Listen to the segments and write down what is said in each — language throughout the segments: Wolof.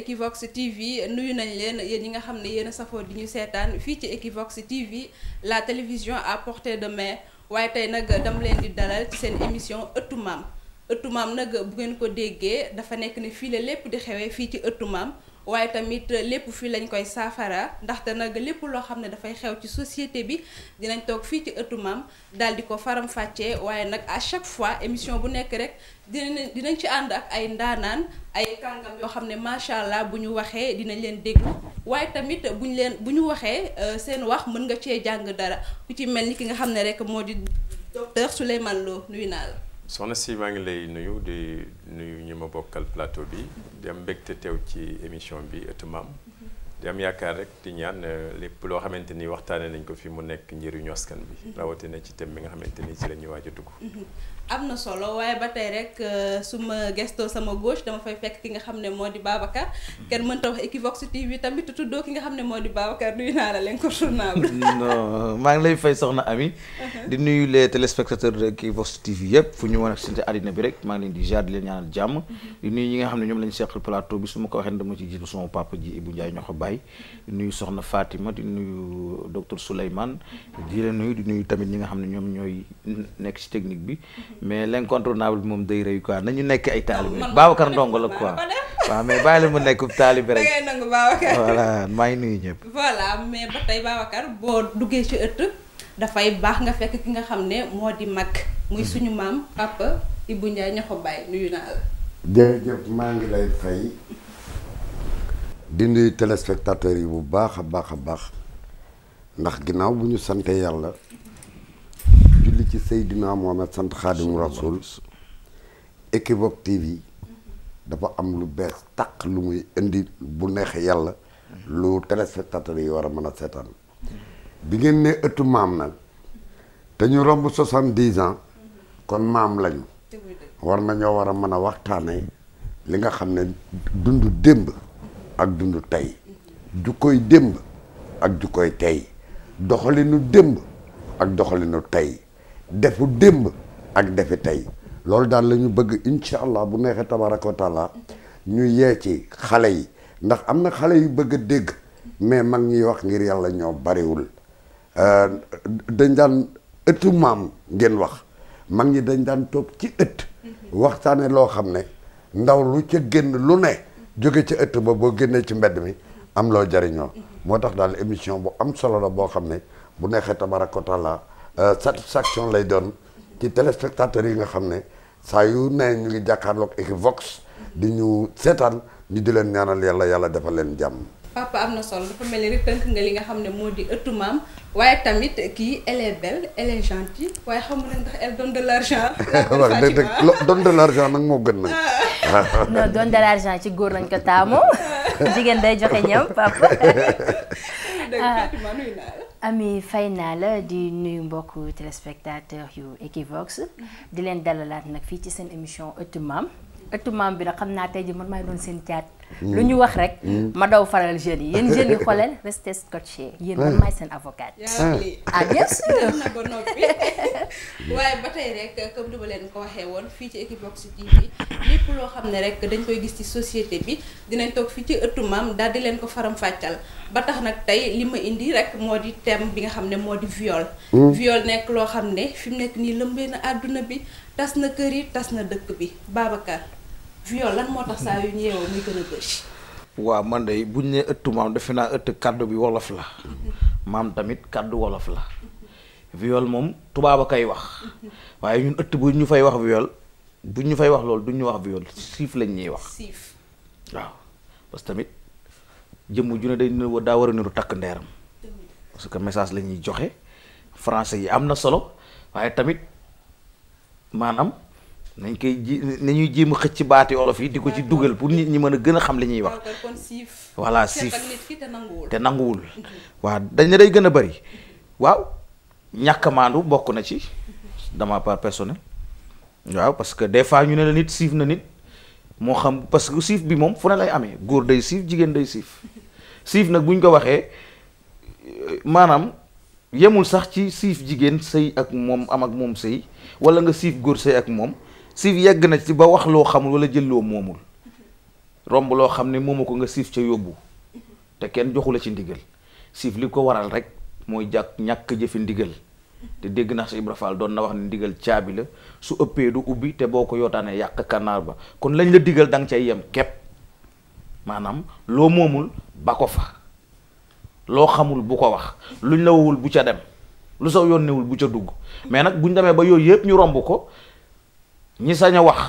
Equivox TV nuyu nañ leen yéen ñi nga xam ne yéen a safoo di ñu seetaan fii ci Equivox TV la télévision à portée de main waaye tey nag dam leen di dalal ci seen émission ëttu maam ëttu maam nag bu ngeen ko déggee dafa nekk ni fii la lépp di xewee fii ci ëttu maam waaye tamit lépp fii lañ koy saafara ndaxte nag lépp loo xam ne dafay xew ci société bi dinañ toog fii ci ëttu maam daal di ko faram fàccee waaye nag à chaque fois émission bu nekk rek dinañ dinañ ci ànd ak ay ndaanaan ay kàngam yoo xam ne macha allah bu ñu waxee dinañ leen déglu waaye tamit bu leen bu ñu waxee euh, seen wax mën nga cee jàng dara ku ci mel ni ki nga xam ne rek moo di docteur Souleymane Lo nuyu naa la soxna si maa ngi lay nuyu di nuyu ñu ma bokkal plateau bi di am mbégte tew ci émission bi ëttu maam di am yaakaar rek di ñaan euh, lépp loo xamante ni waxtaanee nañ ko fi mu nekk njëriñu askan bi rawatina ci thème bi nga xamante ni ci la ñuy waaj a dugg. Mm-hmm. am na solo waaye ba tey rek euh, su ma gestoo sama gauche dama fay fekk ki nga xam ne moo di Babacar kenn mënta wax Equivox TV tamit tuddoo ki nga xam ne moo di Babacar nuyu naa la l'incontournable. non maa ngi lay fay soxna Ami. Uh-huh. di nuyu les téléspectateurs de Equivox TV yëpp fu ñu mën a sente bi rek maa ngi leen di jaar jàmm. Uh-huh. di nuyu nga xam ne ñoom lañ seqal plateau bi su ma ko waxee dama sama papa ji Ibou Ndiaye ñoo ko bàyyi. Uh-huh. di nuyu soxna Fatima di nuyu docteur Souleymane. di leen nuyu di nuyu tamit ñi nga xam ne ñoom ñooy nekk ci technique bi. mais l'incontournable bi moom day rëy quoi nañu nekk ay taalibe Babacar Ndongo la quoi waa mais bàyyi la mu nekk taalibe rek dangay nangu Babacar voilà maa ngi nuyu ñëpp voilà mais ba tey Babacar boo duggee ci ëtt dafay baax nga fekk ki nga xam ne moo di mag muy mm-hmm. suñu maam papa Ibou Ndiaye ña ko bàyyi nuyu naa la jërëjëf maa ngi lay fay di nuyu yi bu baax a baax a baax ndax ginnaaw bu ñu sante yàlla ci Seydina Mohamed sant xaadimu rasul Equivox TV dafa am lu bees taq lu muy indi bu neex yàlla lu téléspectateurs yi war a mën a seetaan bi ngeen ne ëttu maam nag te ñu romb soixante-dix ans kon maam lañu war nañoo war a mën a waxtaanee li nga xam ne dundu démb ak dundu tey ju koy démb ak ju koy tey doxalinu démb ak doxalinu tey defu démb ak defi tey loolu daal la ñu bëgg incha allah bu neexee tabaraka ñu yee ci xale yi ndax am na xale yu bëgg dégg mais mag ñuy wax ngir yàlla ñoo bariwul euh, dañ daan ëttu maam ngeen wax mag ñi dañ daan toog ci ëtt waxtaane loo xam ne ndaw lu ca génn lu ne jóge ca ëtt ba boo génnee ci mbedd mi am loo jariñoo moo tax daal émission bu am solo la boo xam ne bu neexee tabaraka Euh, satisfaction lay doon ci téléspectateurs yi nga xam ne saa yu ne ñu ngi jàkkaarloog Equivox di ñu seetaan ñu di leen ñaanal yàlla yàlla defal leen jàmm. papa am na solo nga xam ne moo di ëttu maam waaye tamit kii elle est belle waaye xam nga ndax elle donne de l' argent. waaw de l' nag moo gën nag. non donne de l' ci góor nañ ko taamu jigéen day joxe ñam papa. ami fay naa la di nuyu mbokku téléspectateur yu Equivox mm-hmm. di leen dalalaat nag fii ci seen émission ëttu ëttu maam bi nag xam naa tey ji man maay doon seen caat mm. lu ñu wax rek mm. ma daw faral jeunes yi yéen jël yi xoolal restez scotché ah. yéen man maay seen avocat ah, ah bien sûr na ba noppi waaye ba tey rek comme duma leen ko waxee woon fii ci Equivox TV lépp loo xam ne rek dañ koy gis ci société bi dinañ toog fii ci ëttu maam daal di leen ko faram fàccal ba tax nag tey li ma indi rek moo di thème bi nga xam ne moo di viol mm. viol nekk loo xam ne fi mu nekk nii lëmbee na àdduna bi tas na kër yi tas na dëkk bi Babacar viol lan moo tax waaw man de bu ñu nee ëttu maam defe naa ëtt kàddu bi wolof la maam tamit kàddu wolof la viol moom tubaab a koy wax waaye ñun ëtt bu ñu fay wax viol bu ñu fay wax loolu du ñu wax viol siif lañ ñuy wax. siif waaw parce que tamit jëmm ju ne day daa war a niru takk ndeeram. parce que message lañuy joxe français yi am na solo waaye tamit maanaam. nañ koy ji nañuy jéem a xëcc baati olof yi di ko ci dugal pour nit ñi mën a gën a xam li ñuy wax. voilà siif te nanguwul. Mhm. waaw dañ ne day gën a bëri waaw ñàkk bokk na ci dama par personnel waaw parce que des fois ñu ne la nit siif na nit moo xam parce que siif bi moom fu ne lay amee góor day siif jigéen day siif siif nag bu ñu ko waxee euh, maanaam. yemul sax ci siif jigéen sëy ak moom am ak moom sëy walla nga siif góor sëy ak moom siif yegg na si ba wax loo xamul wala jël loo moomul romb loo xam ne moomu ko nga siif ca yóbbu te kenn joxu la ci ndigal siif li ko waral rek mooy jàkk ñàkk jëfi ndigal te dégg na si Ibra Fall doon na wax ne ndigal caabi la su ëppee du ubbi te boo ko yootaanee yàq kànnaar ba kon lañ la digal da nga cay yem képp maanaam loo moomul ba ko fa loo xamul bu ko wax luñ la wowul bu ca dem lu saw yónneewul bu ca dugg mais nag bu ñu demee ba yooyu yëpp ñu romb ko ñi sañ a wax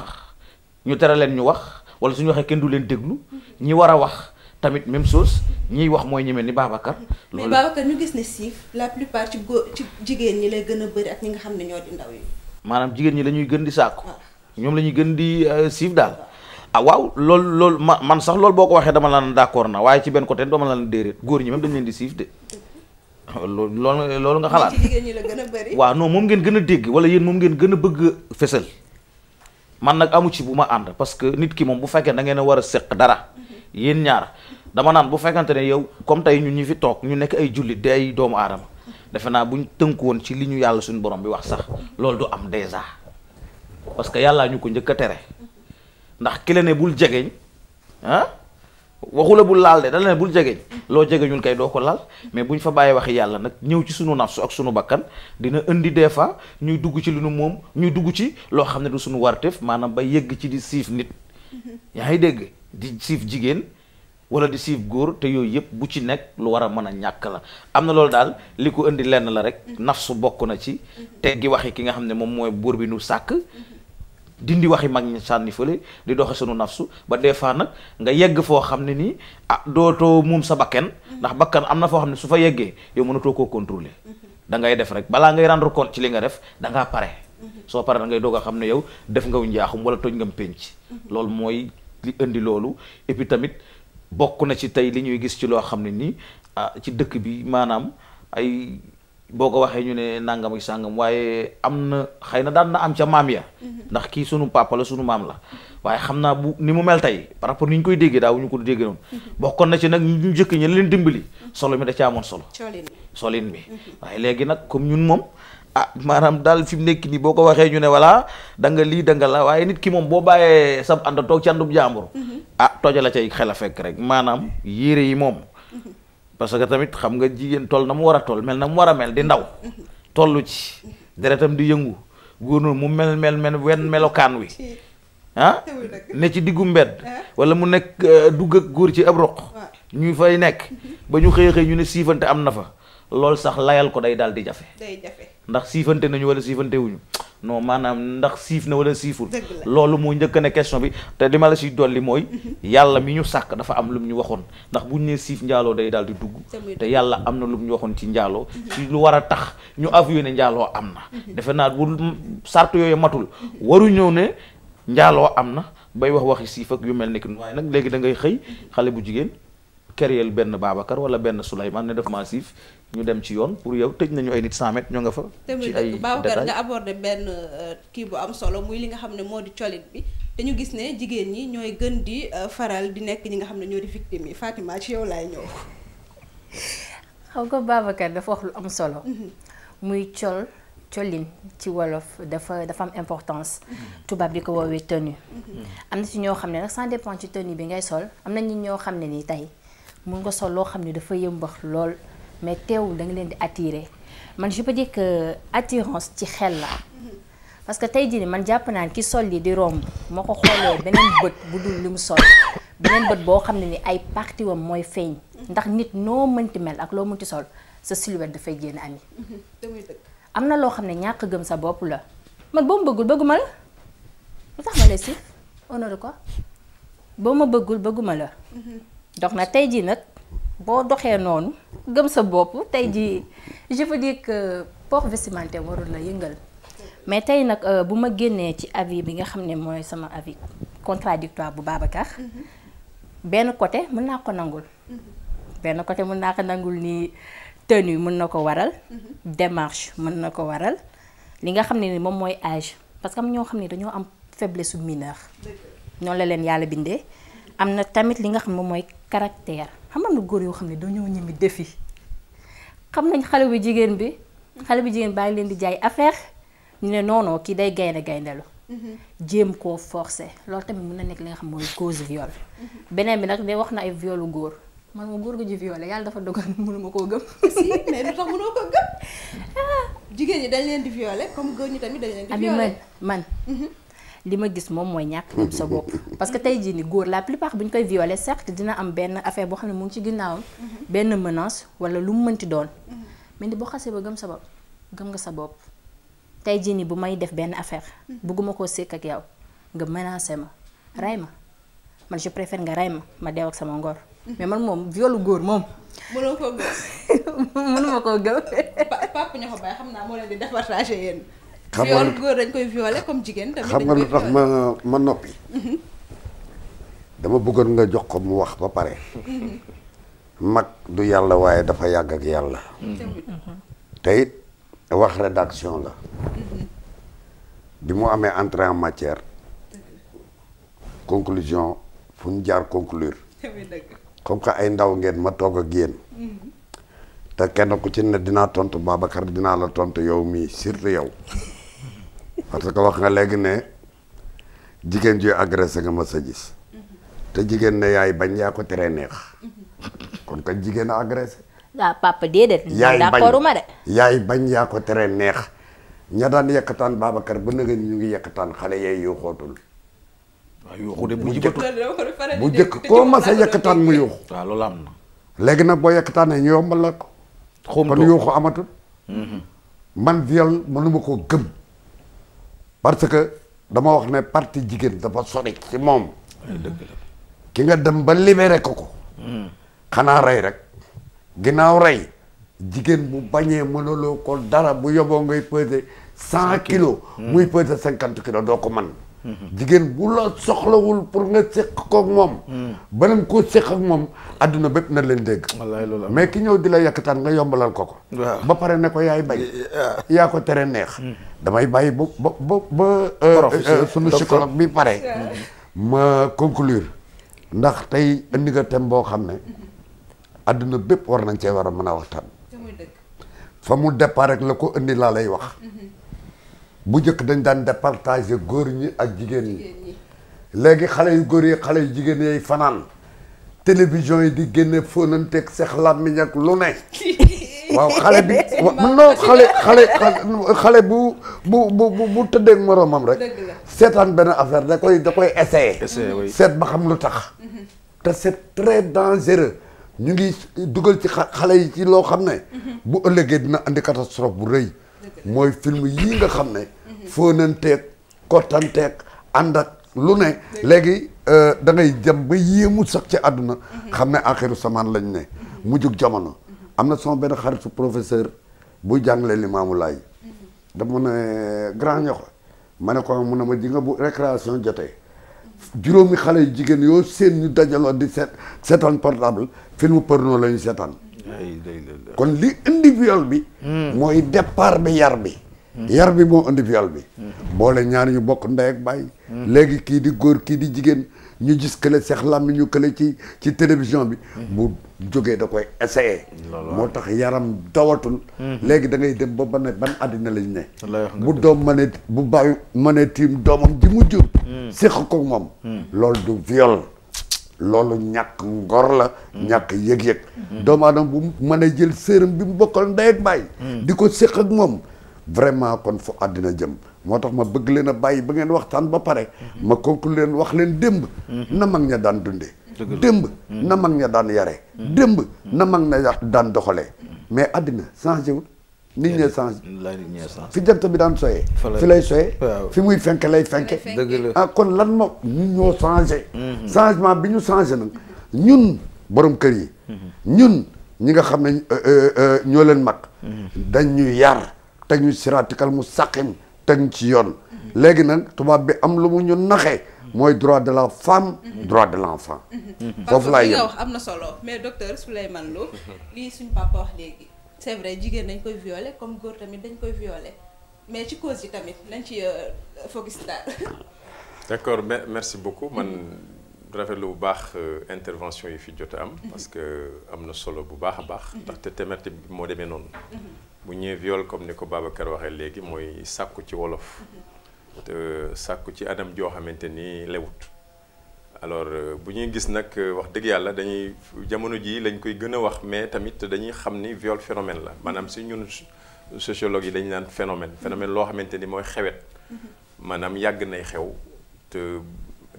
ñu tere leen ñu wax wala suñu waxee kenn du leen déglu ñi war a wax tamit même chose ñiy wax mooy ñi mel ni Babacar. loolu mais Babacar ñu gis ne siif la plupart ci góor ci jigéen ñi lay gën a bëri ak ñi nga xam ne ñoo di ndaw yi. maanaam jigéen ñi lañuy gën di saako. Ah. ñoom la ñuy gën di euh, siif daal. ah waaw lool loolu ma man sax lool boo ko waxee dama la naan na waaye ci benn côté dama la naan déedéet góor ñi même dañu leen di siif de. loolu ah, loolu loolu nga xalaat. ci jigéen ñi la gën a bëri. waaw non moom ngeen gën a wala yéen moom ngeen gën a bëgg fesal man nag amu ci bu ma ànd parce que nit ki moom bu fekkee da ngeen a war a séq dara yéen ñaar dama naan bu fekkante ne yow comme tey ñun ñu fi toog ñu nekk ay jullit di ay doomu aadama defe naa buñ tënk woon ci li ñu yàlla suñu borom bi wax sax loolu du am déjà parce que yàllaa ñu ko njëkk a tere ndax ki ne bul jegeñ ah waxula bul laal de dana ne bul jegeñ loo jegeñul kay doo ko laal mais buñ fa bàyyi waxi yàlla nag ñëw ci sunu nafsu ak sunu bàkkan dina indi des fois ñuy dugg ci lu nu moom ñuy dugg ci loo xam ne du sunu warteef maanaam ba yëgg ci di siif nit yaa ngi dégg di siif jigéen wala di siif góor te yooyu yëpp bu ci nekk lu war a mën a ñàkk la am na loolu daal li ko indi lenn la rek nafsu bokk na ci te teggi waxi ki nga xam ne moom mooy buur bi nu sàkk dindi waxi mag ñi sànni fële di doxe sunu nafsu ba des fois nag nga yegg foo xam ne nii ah dootoo moom sa bakken ndax bakkan am na foo xam ne su fa yeggee yow mënatoo koo contrôler da ngay def rek balaa ngay rendre compte ci li nga def da ngaa pare soo pare da ngay doog a xam ne yow def nga njaaxum wala toj nga penc loolu mooy li indi loolu et tamit bokk na ci tey li ñuy gis ci loo xam ne nii ah, ci dëkk bi maanaam ay boo ko waxee ñu ne nangam ak sàngam waaye am na xëy na daal na am ca maam ya ndax kii sunu papa la sunu maam la waaye xam naa bu ni mu mel tey par rapport ni ñu koy déggee daaw ñu ko dégg noonu bokkoon na ci nag ñu njëkk ñi leen dimbali solo mi da ci amoon solo solin bi waaye léegi nag comme ñun moom ah maanaam daal fi mu nekk nii boo ko waxee ñu ne voilà da nga lii da nga la waaye nit ki moom boo bàyyee sab ànd toog ci àndub jàmbur mhm. ah toja la cay xel a fekk rek maanaam yére yi moom parce que tamit xam nga jigéen toll na mu war a toll mel na mu war a mel di ndaw tollu ci deretam di yëngu góor noonu mu mel mel mel wenn melokaan wi ah ne ci diggu mbedd ah? wala mu nekk euh, dugg ak góor ci ab roq ah. ñuy fay nekk mhm. ba ñu xëy xëy ñu ne siifante am na fa loolu sax layal ko day daal di jafe. day ndax siifante nañu wala siifante wuñu maanaam ndax siif na wala siiful. loolu moo njëkk ne question bi te li ma la siy dolli mooy. Mhm. yàlla mi ñu sàkk dafa am lu mu ñu waxoon ndax bu ñu nee siif njaaloo day daal di dugg. te yàlla am na lu mu ñu waxoon ci njaaloo. Mhm. ci lu war a tax ñu avoué ne njaaloo am na. Mhm. defe naa bu sart yooyu matul waru ñëw ne njaaloo am na bay wax waxi siif ak yu mel ni waaye nag léegi da ngay xëy xale bu jigéen. kereel benn Babacar wala benn Souleymane ne def maa siif ñu dem ci yoon pour yow tëj nañu ay nit 100 ñoo nga fa. ci ay Babacar nga abordé benn euh, kii bu am solo muy li nga xam ne moo di colit dañu gis ne jigéen ñi ñooy gën di euh, faral di nekk ñi nga xam ne ñoo di victime yi Fatima ci yow laay ñëw. xam nga Babacar dafa wax lu am solo. Mhm. muy col colin ci wolof dafa dafa am importance. Mhm. tubaab bi ko woowee tenue. Mhm. am na si ñoo xam ne nag ça dépend ci tenue bi ngay sol am na ñi ñoo xam ne nii tey mun nga sol loo xam ne dafa yëmbax lool. mais teewul danga leen di attirer man je peux dire que ci xel la parce que tey jii man jàpp naa ki sol yi di romb moo ko xoolee beneen bët bu dul li mu sol beneen bët boo xam ne ni ay parti mooy feeñ ndax nit noo mënti mel ak loo mënti sol sa silhouette dafay génn ami am na loo xam ne ñàkk gëm sa bopp la man boo ma bëggul bëgguma la lu tax ma la si honore ko boo ma bëggul bëgguma la mhm. donc nag tey jii nag boo doxee noonu gëm sa bopp tey jii je veux dire que port vestimentaire warul la yëngal mais tey nag euh, bu ma génnee ci avis bi nga xam ne mooy sama avis contradictoire bu Babacar benn côté mën naa ko nangul benn côté mun naa ko nangul nii tenue mën na ko waral démarche mën na ko waral li nga xam ne ni moom mooy âge parce que ñoo xam ne dañoo am faiblesse su mineur ñoo la leen yàlla bindee am na tamit li nga xam moom mooy caractère xam na góor yoo xam ne dañoo ñëmi defi xam nañ xale bu jigéen bi xale bu jigéen baa ngi leen di jaay affaire ñu ne non kii day gaynde gayndelu mhm. jéem koo forcer loolu tamit mën na nekk li nga xam mooy cause viol mhm. beneen bi nag de wax na ay violu góor man ma góor gu ji violé yàlla dafa dogal mënuma koo gëm. si gëm. Ah. jigéen ñi dañ leen di violé comme góor ñi tamit dañ leen di. violé man. Mhm. li ma gis moom mooy ñàkk gëm sa bopp parce que tey jii ni góor la plupart bu ñu koy violer certes dina am benn affaire boo xam ne mu ngi ci ginnaawam mhm. benn menace wala lu mu mënti doon mhm. mais ni boo xasee ba gëm sa bopp gëm nga sa bopp tey jii bu may def benn affaire mhm. bëgguma koo sékk ak yow nga menacé ma ray ma man je préfère nga ray ma ma deew ak sama ngor mais man moom violu góor moom mënoo koo gëm mënuma koo gëm papa ñoo ko bàyyi xam naa moo leen di départager yéen xam nga xam nga lu tax ma ma noppi mhm. dama bëggoon nga jox ko mu wax ba pare mhm. mag du yàlla waaye dafa yàgg ak yàlla mhm. te it wax rédaction la bi mu amee entrée en matière conclusion fu ñu jaar conclure comme que ay ndaw ngeen ma toog ak yéen te kenn ku ci ne dinaa tontu Babacar dinaa la tontu yow mii surtout yow parce que wax nga léegi ne jigéen ju agressé nga ma te jigéen ne yaay bañ yaa ko tere neex kon kañ jigéen a agressé. waaw papa déedéet. yaay bañ yaa ko tere neex ña daan yekkataan Babacar ba nëgën ñu ngi yekkataan xale yaay yoo xootul. waaw yuuxu de bu jëkk bu jëkk koo mas mu yuuxu. waaw loolu am na. léegi nag boo yekkataanee ñu yombal la ko. kon yuuxu amatul. Mm-hmm. man viol mënuma koo gëm. parce que dama wax ne partie jigéen dafa sori ci moom. ki nga dem ba libéré ko ko. xanaa rey rek. ginnaaw rey. jigéen bu bañee mënuloo ko dara bu yoboo ngay peser cent kilos. Hmm. muy peser cinquante kilos doo ko man jigéen bu la pour nga séq kook moom. Hmm. ba nga ko séq moom adduna bépp na leen dégg. wallaay loolu mais ki ñëw di la yakkataan nga yombalal ko ko. ba pare ne ko yaay bañ. Eh, eh, ah. yaa ko tere neex. Hmm. damay bàyyi ba ba ba ba. Euh, euh, euh, sunu psychologue bi pare. ma conclure. ndax tey indi nga thème boo xam ne. àdduna bépp war nañ cee war a mën a waxtaan. fa mu départ rek la ko indi laa lay wax. Mhm. bu njëkk dañ daan départager góor ñi ak jigéen ñi. léegi xale yu góor yi xale yu jigéen yi fanaan. télévision yi di génne fóonante ak seex làmmiñ ak lu ne. waaw xale bi man xale bu bu bu bu tëddee ak moroomam rek seetaan benn affaire da koy da koy essayer seet ba xam lu tax mhm. te c'est très dangereux ñu ngi dugal ci yi ci loo xam ne mhm. bu ëllëgee dina andi catastrophe bu rëy mooy film yii nga xam ne mhm. fóonanteeg kottanteeg ànd ak lu ne léegi euh, da ngay jëm ba yéemu sax ci àdduna xam ne axiru samaan lañ ne mu mujjug jamono am na sama benn xaritu professeur buy jàngale Limaamu Laay dama ne grand ñox ma ne ko mun ne ma di nga bu récréation jotee juróomi xale yu jigéen yoo seen ñu dajaloo di seet seetaan portable film porno la ñu seetaan kon li indi viol bi hmm. mooy départ bi yar bi hmm. yar bi moo indi viol bi hmm. boole ñaar ñu bokk ndey ak baay léegi kii di góor kii di jigéen ñu gis kële Cheikh Lamine ñu kële ci ci télévision bi. bu jógee da koy essayé. moo tax yaram dawatul. Mhm. léegi da ngay dem ba ban ban àddina lañ ne. bu doom mënee bu bàyyi mënee tiim doomam ji mu jur. Mhm. séq ko moom. Mhm. loolu du viol. loolu ñàkk ngor la. ñàkk yëg-yëg. doomu aadama bu mënee jël séeram bi mu bokkal ndey ak baay. di ko séq ak moom. vraiment kon fu àddina jëm. moo tax ma bëgg leen a bàyyi ba ngeen waxtaan ba pare ma conclure leen wax leen démb na mag ña daan dundee démb mm. na mag ña daan yare démb mm. na mag ña daan doxalee mm. mais àddina changé wul nit ñee changé fi jant bi daan soyee fi lay soyee fi muy fenke lay fenke ah kon lan moo ñun ñoo changé mm-hmm. changement bi ñu changé nag ñun borom kër yi mm-hmm. ñun ñi nga xam ne euh, euh, euh, ñoo leen mag mm-hmm. dañ ñu yar te ñu siraatikal mu sàqim teg ci yoon léegi nag tubaab bi am lu mu ñu naxee mooy droit de la femme droit de l'enfant foofu laay yem wax am na solo mais docteur Souleymane Lo lii suñ papa wax léegi c'est vrai jigéen dañ koy violer comme góor tamit dañ koy violer mais ci cause yi tamit nañ ci euh, focus daal d'accord merci beaucoup man rafetlu bu baax euh, intervention yi fi jot am parce que am na solo bu baax a baax ndaxte thématique bi moo demee noonu bu ñëwee viole comme ni ko Babacar waxee léegi mooy sàkku ci wolof te sàkku ci anam joo xamante nii lewut alors euh, bu ñuy gis nag euh, wax dëgg yàlla dañuy jamono jii lañ koy gën a wax mais tamit dañuy xam ni viole phénomène la maanaam si ñun sociologue yi dañu naan phénomène phénomène loo xamante ni mooy xewet maanaam yàgg nay xew te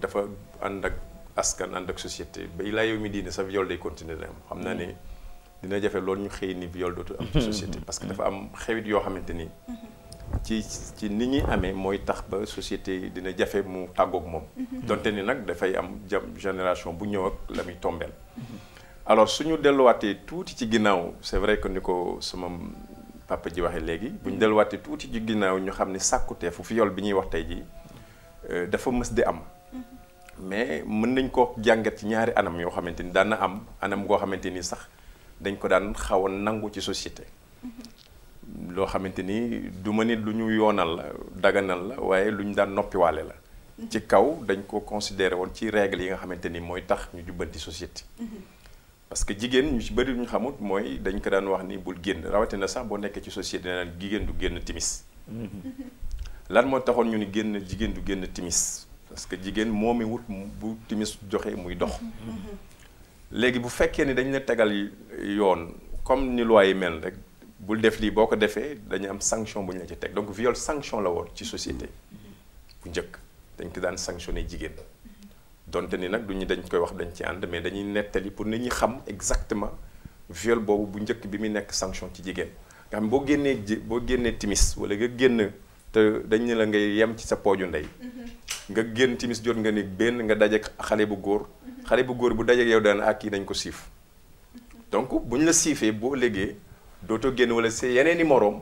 dafa ànd ak askan ànd ak société ba ilaa yow mi diine sa viol day continuer dem xam naa ne dina jafe loolu ñu xëy ni viol dootu am ci mhm. société parce que mhm. dafa am xewit yoo xamante ni mhm. ci ci ni ñuy amee mooy tax ba société dina jafe mu tàggoog moom donte ni nag dafay am jam génération bu ñëw ak la muy tombeel alors suñu delluwaatee tuuti ci ginnaaw c'est vrai que ni ko sama papa ji waxee léegi bu ñu delluwaatee tuuti ci ginnaaw ñu xam ni sàkkutee fu yool bi ñuy wax tey jii euh, dafa mës di am mais mën nañ ko jàngat ci ñaari anam yoo xamante ni daan na am anam goo xamante ni sax dañ ko daan xaw nangu ci société loo xamante ni du ma nit lu ñu yoonal la daganal la waaye lu ñu daan noppiwaale la ci kaw dañ ko considéré woon ci règle yi nga xamante ni mooy tax ñu jubbanti société parce que jigéen ñu ci bëri lu ñu xamut mooy dañ ko daan wax ni bul génn rawatina sax boo nekkee ci société naan jigéen du génn timis lan moo taxoon ñu ni génn jigéen du génn timis parce que jigéen moom mi wut bu timis joxee muy dox léegi bu fekkee ni dañu la tegal yoon comme ni loi yi mel rek bul def lii boo ko defee dañu am sanction bu ñu la ci teg donc viole sanction la woon ci société bu njëkk dañ ko daan sanctionné jigéen donte ni nag du ñu dañ koy wax dañ ci ànd mais dañuy nettali pour nit ñi xam exactement viol boobu bu njëkk bi muy nekk sanction ci jigéen nga xam boo génnee ji boo génnee timis wala nga génn te dañ ne la ngay yem ci sa pooju ndey mm-hmm. nga génn timis jot nga ni benn nga dajeeg xale bu góor xale bu góor bu dajeeg yow daan ak ah, kii nañ ko siif donc bu ñu la siifee boo légee dootoo génn wala see yeneen i moroom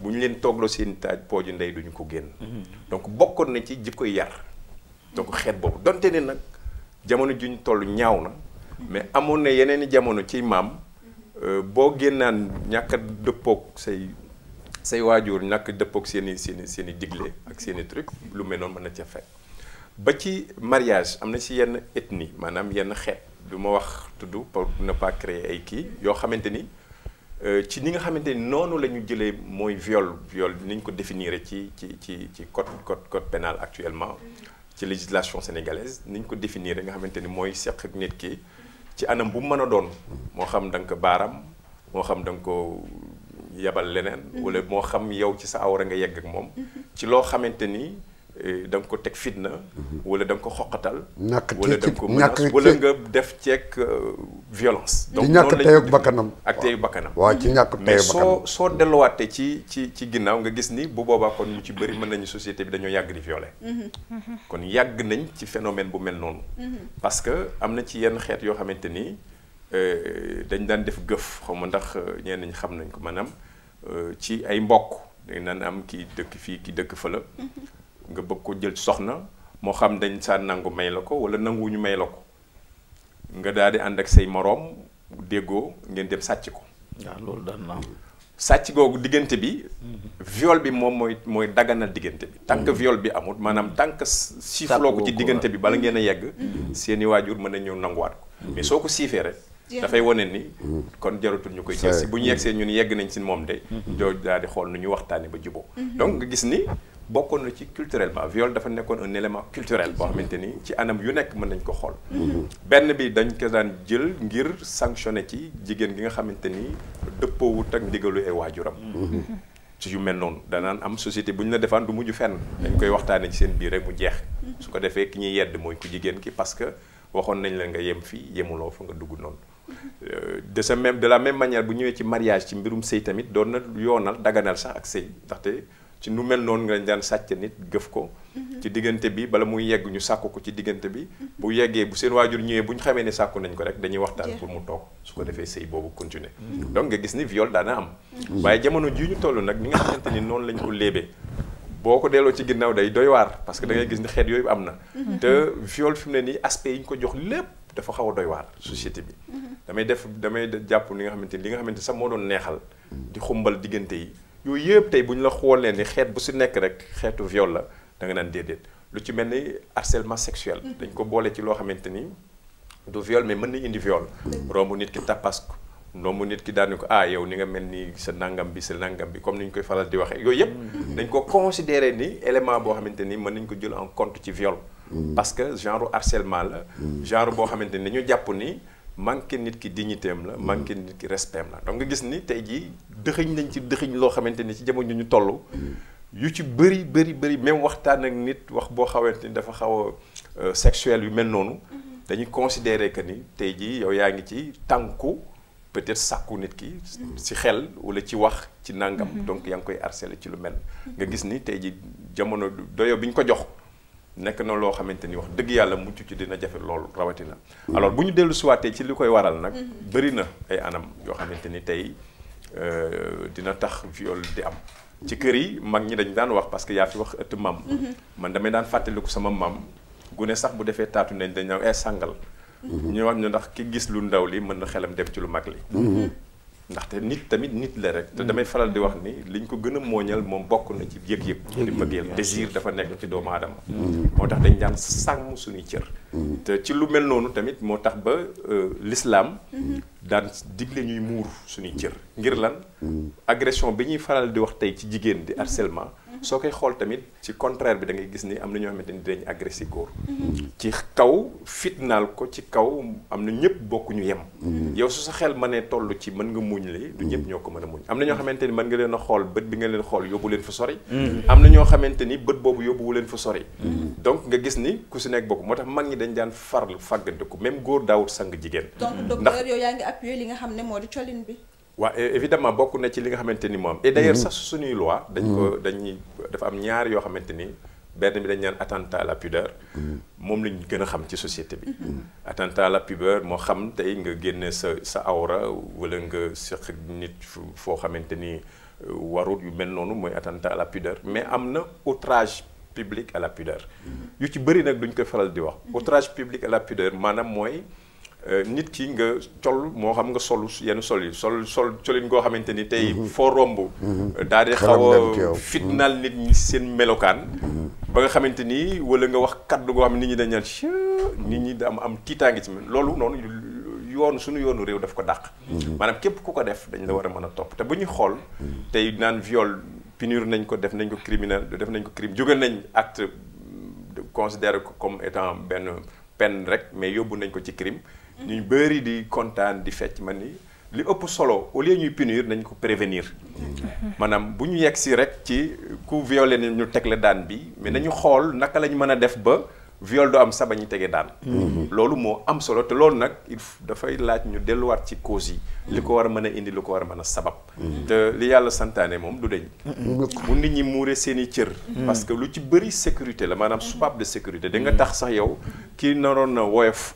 bu ñu leen toogloo seen taaj pooju ndey duñu ko génn mm-hmm. donc bokkoon na ci jikko yar donc xeet boobu donte ne nag jamono juñ toll ñaaw na mais amoon na yeneen i jamono ci maam euh, boo génnaan ñàkk a dëppoog say say waajur nag dëppoog seen i seen seen i digle ak seen i truc lu mel noonu mën na ca fekk ba ci mariage am na ci yenn ethnie maanaam yenn xeet du ma wax tudd pour ne créer ay kii yoo xamante ni euh, ci ni nga xamante ni noonu la ñu jëlee mooy viole viol ni ñu ko définir ci ci ci ci code code code pénal actuellement ci législation sénégalaise ni ñu ko définir nga xamante ni mooy seq ak nit ki ci anam bu mën a doon moo xam da nga ko baaram moo xam danga ko yebal leneen mm-hmm. wala moo xam yow ci sa a nga yegg ak moom mm-hmm. ci loo xamante ni eh, da nga ko teg fitna wala danga nga ko xoqatal wala da nga ko menace wala nga def ceeg eh, violence mm-hmm. donc ñàkk teyu bakkanam ak teyu bakkanam waaw ci ñàkk bakkanam mais soo soo delluwaatee ci ci ci ginnaaw nga gis ni bu boobaa kon ñu ci bëri mën nañu société bi dañoo yàgg di violer kon yàgg nañ ci phénomène bu mel noonu parce que am na ci yenn xeet yoo xamante ni eh, dañ daan def gëf xaw ma ndax ñeen ñi xam nañ ko maanaam Euh, ci ay mbokk dañ naan am kii dëkk fii ki dëkk fa la mhm. nga bëgg ko jël soxna moo xam dañ saa nangu may la ko wala nanguwuñu may la ko nga daal di ànd ak say moroom déggoo ngeen dem sàcc ko. waaw ah, loolu daan na sàcc googu diggante bi. Mhm. viol bi moom mooy mooy daganal diggante bi. tant que mhm. viol bi amut maanaam tànk que siifloo ko ci diggante bi bala ngeen a yegg. seeni waajur mën a ñëw nanguwaat ko. mais soo ko siifee rek. dafay wane ni kon jarutul ñu koy jël si bu ñu yeggsee ñun yegg nañ si moom de mm-hmm. doo daal di xool nu ñu waxtaane ba juboo mm-hmm. donc nga gis ni bokkoon na ci culturellement viol dafa nekkoon un élément culturel boo xamante ni ci anam yu nekk mën nañ ko xool mm-hmm. benn bi dañ ko daan jël ngir sanctionné ci jigéen gi nga xamante ni dëppoowut ak ndigalu ay waajuram ci yu mel noonu danaan am société bu ñu la defaan du mujj fenn dañ koy waxtaane ci seen bii rek mu jeex su ko defee ki ñuy yedd mooy ku jigéen ki parce que waxoon nañ la nga yem fii yemuloo fa nga dugg noonu Euh, de sa même de la même manière bu ñëwee ci mariage ci mbirum sëy tamit doon na yoonal daganal sax ak sëy ndaxte ci nu mel noonu nga lañ daan sàcc nit gëf ko mhm. ci diggante bi bala mu yegg ñu sàkku ko ci diggante bi mhm. bu yeggee bu seen waajur ñëwee bu ñu xamee ne sàkku nañ ko rek dañuy waxtaan pour mu toog su ko defee sëy boobu continuer mhm. donc nga gis ni viol daana am waaye jamono ji ñu toll nag ni nga xamante ni noonu lañ ko léebee boo ko delloo ci ginnaaw day doy waar parce que da ngay gis ni xeet yooyu am na te fi mu ne nii aspect yi ñu ko jox lépp dafa xaw a doy waar bi damay def damay jàpp li nga xamante li nga xamante sax moo doon neexal di xumbal diggante yi yooyu yëpp tey bu ñu la xoolee ni xeet bu si nekk rek xeetu viol la da nga naan déedéet lu ci mel ni harcèlement sexuel mm-hmm. dañ ko boole ci loo xamante ni du viol mais mën na indi viol mm-hmm. romb nit ki tapas ko romb nit ki daani ko ah yow ni nga mel ni sa nangam bi sa nangam bi comme ni ñu koy faral di waxee yooyu yëpp mm-hmm. dañ ko considérer ni élément boo xamante ni mën nañ ko jël en compte ci viol parce que genre harcèlement la boo xamante ni dañu jàpp ni manqué nit ki dignité am la mm. manqué nit ki respect am la donc nga gis ni tey jii dëxëñ lañ ci dëxëñ loo xamante ni ci jamono ñu toll mm. yu ci bëri bëri bëri même waxtaan nit wax boo xamante ni dafa xaw a euh, sexuel yu mel noonu mm-hmm. dañuy considérer que ni tey jii yow yaa ngi ci tànku peut-être sàkku nit ki si mm-hmm. xel walla ci wax ci nàngam mm-hmm. donc yaa ngi koy harceler ci lu nga gis ni tey jii jamono doyo bi ñu ko jox nekk na loo xamante ni wax dëgg yàlla mucc ci dina jafe loolu rawatina. alors bu ñu dellu siwaatee ci li koy waral nag. Mhm. bëri na ay anam yoo xamante ni tey euh, dina tax viol di am. ci kër yi mag ñi dañ daan wax parce que yaa fi wax ëtt maam. Mhm. man damay daan fàttaliku sama maam. gune sax bu defee taatu nañ dañ ñëw ay eh, sàngal. Mhm. ñu wax ñu ndax ki gis lu ndaw li mën na xelam dem ci lu mag li. ndaxte nit tamit nit la rek te mm. damay faral di wax ni li liñ ko gën a mooñal moom bokk na ci yëg-yëg di mbëggeel désir dafa nekk ci doomu aadama mm. moo tax dañ daan sàmm suñuy cër mm. te ci lu mel noonu tamit moo tax ba euh, lislaam mm-hmm. daan digle ñuy muur suñuy cër ngir lan agression bi ñuy faral di wax tey ci jigéen di harcèlement soo koy xool tamit ci contraire bi da ngay gis ni am na ñoo xamante ni dinañ agressé góor. ci kaw fitnaal ko ci kaw am na ñëpp bokkuñu yem. Mm-hmm. yow su sa xel ne toll ci mën nga muñ li du ñëpp mm-hmm. ñoo ko mën a muñ am na ñoo mm-hmm. xamante ni mën nga leen a xool bët bi nga leen xool yóbbu leen fa sori. am na ñoo xamante ni bët boobu yóbbuwu leen fa sori. donc nga gis ni ku si nekk bokk moo tax mag ñi dañ daan fàggante ko même góor daawut sang jigéen. ndax donc docteur yow yaa ngi appuyé li nga xam ne moo di colin bi. waa évidemment bokk na ci li nga xamante ni moom et d'ailleurs mhm. sax suñuy loi dañ ko mhm. dañuy dafa am ñaar yoo xamante ni benn bi dañ naan attentat à la pudeur mhm. moom lañ gën a xam ci société bi attentat la pudeur moo xam tey nga génn sa sa awra wala nga seq nit foo xamante ni euh, warut yu mel noonu mooy attentat la pudeur mais am na outrage public à la pudeur yu ci bëri nag duñ koy faral di wax outrage public à la pudeur maanaam mooy Euh, nit ki nga col moo xam nga solu yenn sol yi sol sol colin goo xamante ni tey mhm. foo romb mhm. euh, daal di xaw a fitnaal nit ñi seen melokaan mhm. ba nga xamante ni wala nga wax kaddu goo xam ne nit ñi dañ naan nit ñi da am am tiitaange ci loolu noonu yoon suñu yoonu réew daf ko dàq maanaam képp ku ko def dañ la war a mën a topp te ba ñuy xool tey naan viol punir nañ ko def nañ ko criminal def nañ ko crime jóge nañ acte considéré ko comme étant benn peine rek mais yóbbu nañ ko ci crim ñu bëri di kontaan di fecc ma ni li ëpp solo au lieu ñuy punir nañ ko prévenir maanaam bu ñu yegg si rek ci ku violé ñu teg la daan bi mais nañu xool naka lañu mën a def ba viol du am sa ba ñu tegee daan mm-hmm. loolu moo am solo te loolu nag il dafay laaj ñu delluwaat ci cause yi li ko war a mën a indi li ko war a mën a sabab mm-hmm. te li yàlla santaane moom du deñ mm-hmm. bu nit ñi muure seen i cër parce que lu ci bëri sécurité la maanaam soupape de sécurité da nga tax sax yow kii naroon na woyof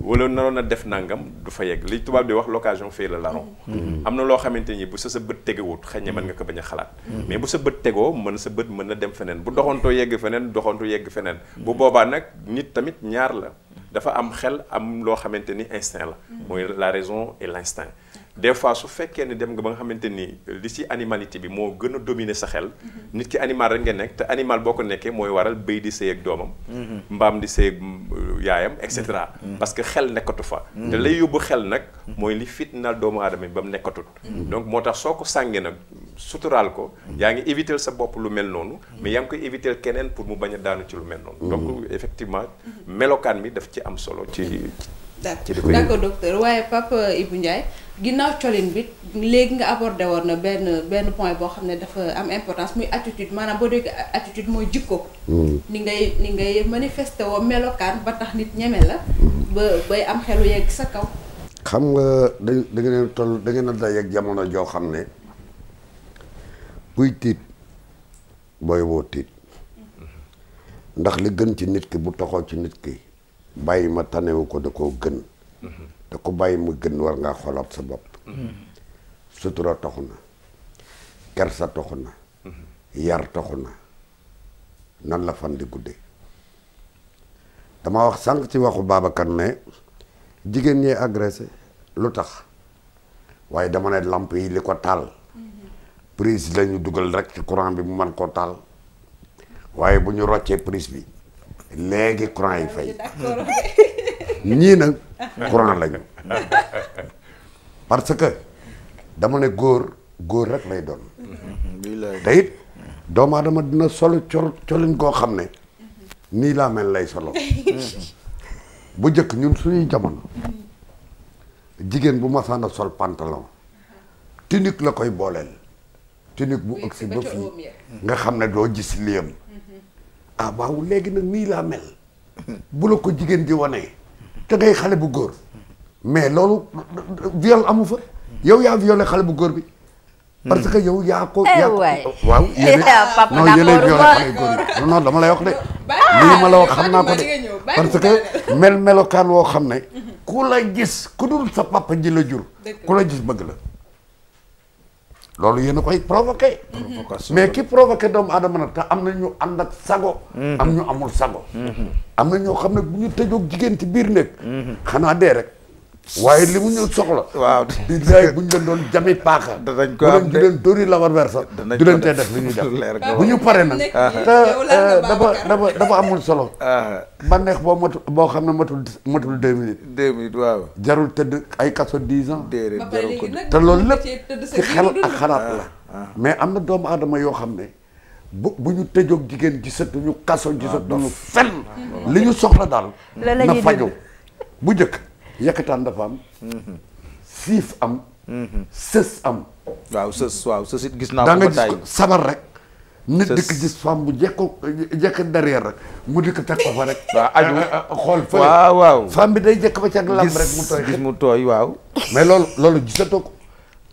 wala naroon na def nangam du fa yegg li tubaab bi wax l'occasion fait la larron mm-hmm. am na loo xamante ni bu sa sa bët tegewut xañ na mën nga ko bañ a xalaat mm-hmm. mais bu sa bët tegoo mën sa bët mën na dem feneen bu doxantoo yegg feneen doxantu yegg feneen bu mm-hmm. boobaa nag nit tamit ñaar la dafa am xel am loo xamante ni instinct la mooy la raison et l'instinct des fois su fekkee ne dem nga ba nga xamante ni li ci animalité bi moo gën a dominer sa xel. Mhm. nit ki animal rek nga nekk te animal boo ko nekkee mooy waral béy di sëy ak doomam. Mhm. mbaam di sëy ak mm, euh, yaayam et cetera. Mhm. parce que xel nekkatu fa. te lay yóbbu xel nag. mooy li na doomu aadama bi ba mu nekkatut. donc moo tax soo ko sàngee nag suturaal ko. yaa ngi éviter sa bopp lu mel noonu. mais yaa ngi koy éviter keneen pour mu bañ a daanu ci lu mel noonu. donc effectivement melokaan mi daf ci am solo ci. d' ko docteur waaye Pape Ibou Ndiaye ginnaaw colin bi léegi nga abordé woon na benn benn point boo xam ne dafa am importance muy attitude maanaam boo déggee attitude mooy jikko. Hmm. ni ngay ni ngay manifesté woo melokaan ba tax nit ñeme la. Hmm. ba bay am xelu yegg sa kaw. xam nga da da ngeen toll da ngeen jamono joo xam ne kuy tiit booy woo tiit hmm. ndax li gën ci nit ki bu toxoo ci nit ki. bàyyi ma tanewu ko da koo gën te mhm. ku bàyyi ma gën war ngaa xoolaat sa bopp mhm. sutura toxu na kersa taxu na mhm. yar taxu na nan la fan di gudde dama wax sànq ci waxu Babacar ne jigéen ñee agressé lu tax waaye dama ne lamp yi li ko taal prise la dugal rek ci courant bi mu man koo taal waaye bu ñu roccee prise bi léegi courant yi fay ñii nag courant lañu parce que dama ne góor góor rek lay doon te it doomu aadama dina sol col colin goo xam ne nii laa mel lay solo bu njëkk ñun suñuy jamono jigéen bu masaana sol pantalon tunique la koy booleel tunique bu ëgsi ba fii nga xam ne doo gis liyam ah waaw léegi nag nii laa mel bu ko jigéen ji wane te ngay xale bu góor mais loolu viol amu fa yow ya violé xale bu góor bi parce que yow yaa ko yaa eh, waaw yéen non yéenay violé xale góor bi non lay wax de lii ma la wax xam naa ko de parce que mel melokaan woo xam ne ku la gis ku dul sa papa ji la jur ku la gis bëgg la loolu yéen a koy provoqué. mais ki provoqué doomu aadama na ta am na ñu ànd ak sago. Mm-hmm. am ñu amul sago. Mm-hmm. am na ñoo xam na bu ñu tëjoog jigéen ci biir nekk. Mm-hmm. xanaa dee rek. waaye li mu ñu soxla. waaw di jaay bu ñu leen doon jami paaka. danañ ko am di leen dóori la war weer sax. danañ ko leen tee def li ñu def bu ñu paree nag. te eh, dafa dafa dafa amul solo. Ah. bànneex boo matul boo xam ne matul matul deux minutes. deux minutes waaw. jarul tëdd ay kaso dix an déedéet jarul te loolu lépp ci xel ak xalaat la. Ah, ah. mais am na doomu aadama yoo xam ne. bu bu ñu tëjoog jigéen gisatuñu kaso gisatuñu fenn. li ñu soxla daal. la na fajoo bu njëkk. yëkkataan dafa am. siif am. sës am. waaw sës waaw sës it gis naa ko. da nga gis ko sabar rek. nit di ko gis bu jekko jekk derrière rek mu dikk ko ko fa rek. waaw aju eh, eh, eh, xool fële. waaw bi day jekk ba ca lam rek mu tooy waaw. mais loolu loolu gisatoo ko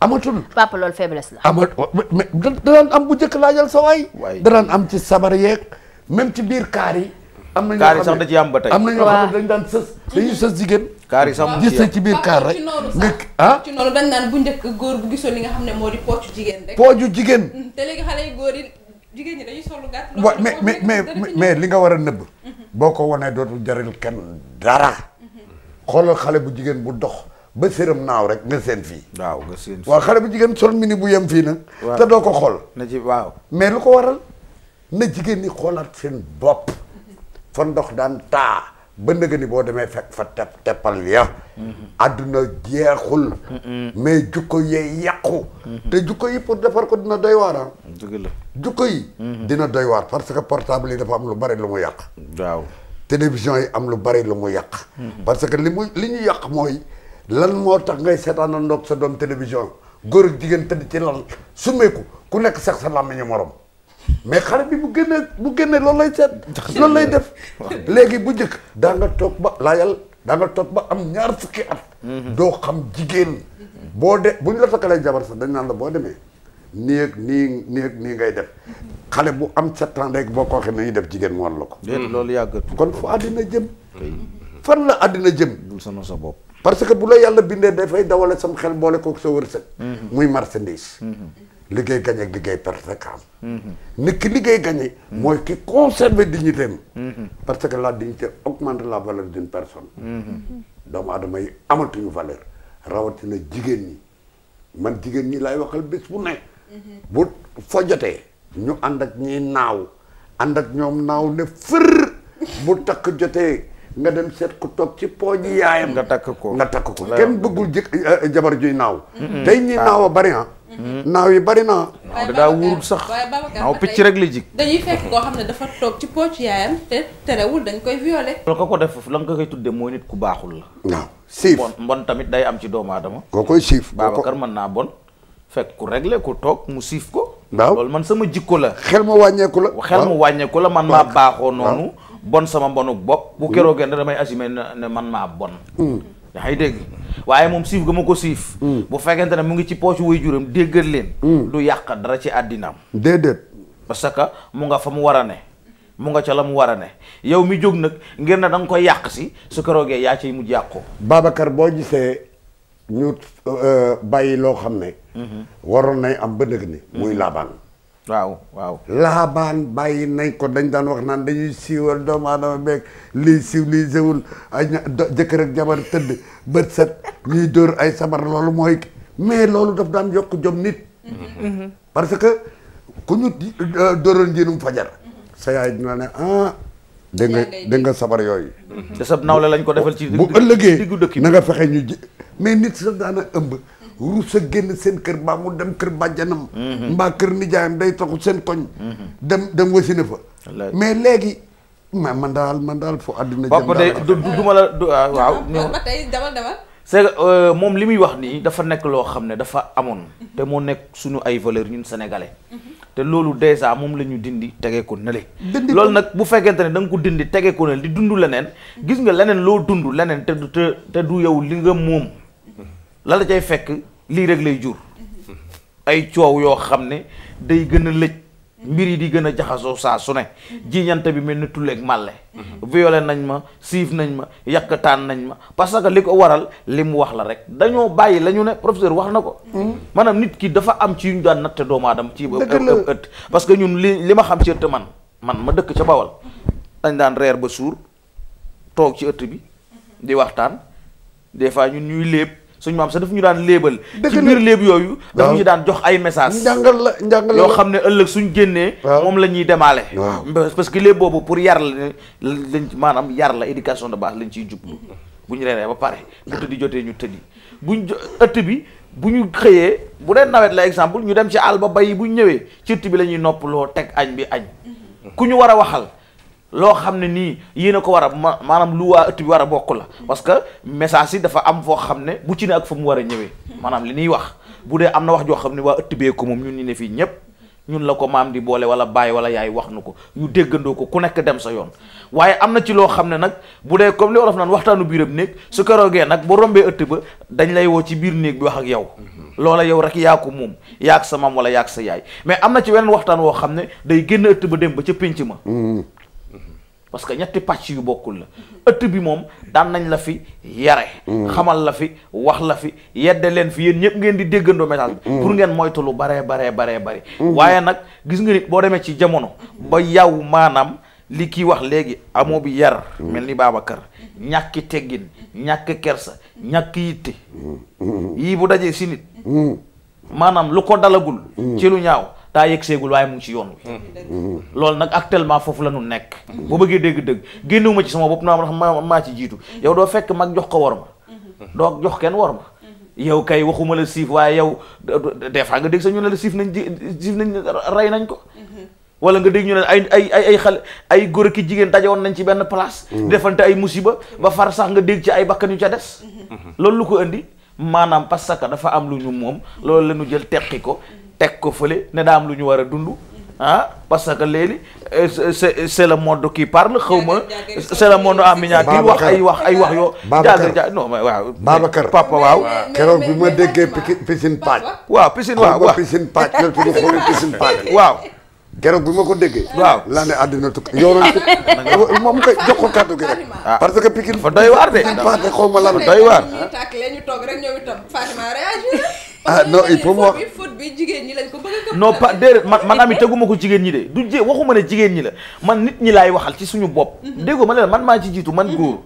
amatul. papa loolu faiblesse la. amat mais danaan am bu njëkk laajal sa waay. waay danaan am ci sabar yeeg même ci biir kaar yi. am na ñoo xam ne da ci am ba tey. am na ñoo xam dañ daan sës sës jigéen. kaar yi sax mu ci biir kaar rek nga ah ci bu njëkk góor bu gisoon li nga xam pooju jigéen rek mm, yu góor yi mais mais mais li nga war a nëbb mm-hmm. boo ko wanee dootul jaril kenn dara mm-hmm. xoolal xale bu jigéen bu dox ba séram naaw rek nga seen fii waaw nga seen fii xale bu jigéen sol mini bu yem fii nag te doo ko xool na waaw mais lu ko waral na jigéen ñi xoolaat seen bopp fa ndox daan taa ba ndëgë ni boo demee fekk fa tepp teppal ya àdduna jeexul mais jukko yee yàqu te jukko yi pour defar ko dina doy waar ah la jukko yi dina doy waar parce que portable yi dafa am lu bari lu mu yàq waaw télévision yi am lu bari lu mu yàq parce que li mu li ñu yàq mooy lan moo tax ngay seetaana ndoog sa doom télévision góor ak jigéen tëdd ci lal sumeeku ku nekk sax sa làmmiñu morom mais xale bi bu génnee bu génnee loolu lay seet. loolu lay def léegi bu njëkk daa nga toog ba laayal daa nga toog ba am ñaar fukki at. doo xam jigéen. boo de bu ñu la takkalee jabar sax dañ naan la boo demee nii ak nii nii ak nii ngay def xale bu am sept ans rek boo ko waxee nañuy def jigéen mu war la ko. loolu yàggatu kon fu àddina jëm. fan la àddina jëm. bul sonal sa bopp. parce que bu la yàlla bindee dafay dawale sam xel boole ko sa wërsëg. Mm-hmm. muy marchandise. Mm-hmm. liggéey gañ ak liggéey perte mm-hmm. nit ki liggéey gañ. Mm-hmm. mooy ki conserver dignité am. Mm-hmm. parce que la dignité augmente la valeur d'une personne. doomu aadama yi amatuñu valeur rawatina jigéen ñi man jigéen ñi laay waxal bés bu nekk. bu fa jotee ñu ànd ak ñiy naaw ànd ak ñoom naaw ne fër bu takk jotee. nga dem seet ku toog ci pooji yaayam. nga takk ko nga takk ko kenn bëggul jëkk eh, eh, jabar juy naaw. tey ñi ah. naaw a ah. Mhm. naaw yi bari naa. waaw sax naaw picc rek la jig. dañuy fekk koo xam ne dafa toog ci pooc yaayam te terewul dañ koy violé. loolu ko ko def lan nga koy tuddee mooy nit ku baaxul la. waaw siif mbon tamit day am ci doomu aadama. koo koy siif Babacar mën naa bon. fekk ku réglé ku toog mu siif ko. waaw loolu man sama jikko la. xel ma wàññeeku la xel wàññeeku la man maa baaxoo noonu. bon sama mbonuk bopp. bu hmm. keroog damay assumer ne man maa bon. Hmm. yaa ngi dégg waaye moom siif ga ma ko siif hmm. bu fekkente ne mu ngi ci poche way juróom déggal leen hmm. du yàq dara ci àddinaam déedéet parce que mu nga fa mu war a ne mu nga ca la mu war a ne yow mi jóg nag ngir na da nga koy yàq si su këroogee yaa cay mujj yàqoo Babacar boo gisee ñu euh, bàyyi loo xam ne mhm. waroon nay am ba dëgg ni muy mhm. laabaan waaw waaw laabaan bàyyi nañ ko dañ daan wax naan dañuy siiwal doomu aadama beeg lii siiw lii sewul ay jëkkër ak jabar tëdd bët set ñuy dóor ay sabar loolu mooy mais loolu daf daan yokk jom nit mm-hmm. parce que ku ñu euh, dóoroon njëriñu fajar sa yaay dina ne ah dégg nga dégg nga sabar yooyu te sa nawle lañ ko defal bu ëllëgee diggu dëkk fexe ñu ji mais nit sa daana ëmb ruus a génn seen kër mbaa mu dem kër bàjjanam mhm. mbaa kër nijaayam day taxu seen koñ mhm. dem dem wasina fa mais léegi ma man daal man daal foo àddina papa day du duma la du ah, waaw ah, tey demal demal c'est euh, moom li muy wax nii dafa nekk loo xam ne dafa amoon mhm. te moo nekk suñu ay valeur ñun sénégalais te loolu déjà moom la ñu dindi tege ko nële loolu nag bu fekkente ne danga ko dindi tege ko nële di dundu leneen gis nga leneen loo dund leneen te te te du yow li nga moom la la fekk lii rek lay jur ay coow yoo xam ne day gën a lëj mbir yi di gën a jaxasoo saa su ne jiiñante bi mel ni tulleeg màlle violé nañ ma siif nañ ma yàqtaan nañ ma parce que li ko waral li mu wax la rek dañoo bàyyi la ñu ne professeur wax na ko maanaam nit ki dafa am ci yu ñu daan natte doomu aadama ci ëtt parce que ñun li li ma xam ci ëtt man man ma dëkk ca bawal dañ daan reer ba suur toog ci ëtt bi di waxtaan des fois ñun ñuy léeb suñu maam sax dafa ñu daan léebal ci biir léeb yooyu dafa ñu daan jox ay message njàngal la njàngal yoo xam ne ëllëg suñ génnee moom la ñuy demaale parce que léeb boobu pour yar la lañ maanaam yar la éducation de baax lañ ciy jublu bu ñu reeree ba pare bu tëddi jotee ñu tëddi buñ ëtt bi bu ñu xëyee bu dee nawet la exemple ñu dem ci àll ba bay bu ñu ñëwee ci ëtt bi la ñuy noppaloo teg añ bi añ ku ñu war a waxal loo xam ne nii yéen ko war a ma maanaam lu waa ëtt bi war a bokk la parce que message yi dafa am foo xam ne bu ci ne ak fa mu war a ñëwee maanaam li ñuy wax bu dee am na wax joo xam ne waa ëtt moom ñun ñu ne fii ñëpp ñun la ko maam di boole wala baay wala yaay wax nu ko ñu déggandoo ko ku nekk dem sa yoon waaye am na ci loo xam ne nag bu dee comme li olof naan waxtaanu biiram néeg su keroogee nag ba rombee ëtt ba dañ lay woo ci biir néeg bi wax ak yow mm-hmm. loola yow rek yaa ko moom yaag sa maam wala yaag sa yaay mais am na ci weneen waxtaan woo xam ne day génn ëtt ba dem ba ca pénc ma mm-hmm. parce que ñetti pàcc yu bokkul la ëtt bi moom daan nañ la fi yare xamal la fi wax la fi yedde leen fi yéen ñëpp ngeen di déggandoo message bi pour ngeen moytu lu bare baree baree bari waaye nag gis nga nit boo demee ci jamono ba yow maanaam li kii wax léegi amoo bi yar mel ni Babacar ñàkki teggin ñàkk kersa ñàkk yitte yii bu dajee si nit maanaam lu ko dalagul ci lu ñaaw daa yëg seegul waaye mu ngi ci yoon wi mm-hmm. loolu nag actuellement foofu la ñu nekk boo bëggee dégg-dégg génnewuma ci sama bopp naa ma maa ci jiitu yow doo fekk mag jox ko war ma mm-hmm. doo jox kenn war ma mm-hmm. yow kay waxuma la siif waaye yow des fois nga dégg sax ñu ne la siif nañ siif nañ rey nañ ko wala nga dégg ñu ne ay ay ay ay xale ay góor ki jigéen dajewoon nañ ci benn place di defante ay musiba ba far sax nga dégg ci ay bakkan yu ca des loolu lu ko indi maanaam parce que dafa am lu moom loolu la ñu jël teqi ko teg ko fële ne daa am lu ñu war a dund ah parce que léegi euh, c'est c'est le monde qui parle xaw ma c'est le monde en wax ay wax ay wax yoo. Babacar jaaga non mais waaw. Babacar papa waaw. keroog bi ma déggee piscine pàcc. waaw piscine bi ma ko déggee. waaw laa ne àddina tukki moom kay jox ko kàddu gi rek. Ah. parce que Pikine. fa doy waar de. xaw doy waar. ah non il faut moi non pas déedéet man man ami teguma ko jigéen ñi de du jé waxuma ne jigéen ñi la man nit ñi laay waxal ci suñu bopp mhm. déggoo ma ne man maa ci jiitu man mhm. góor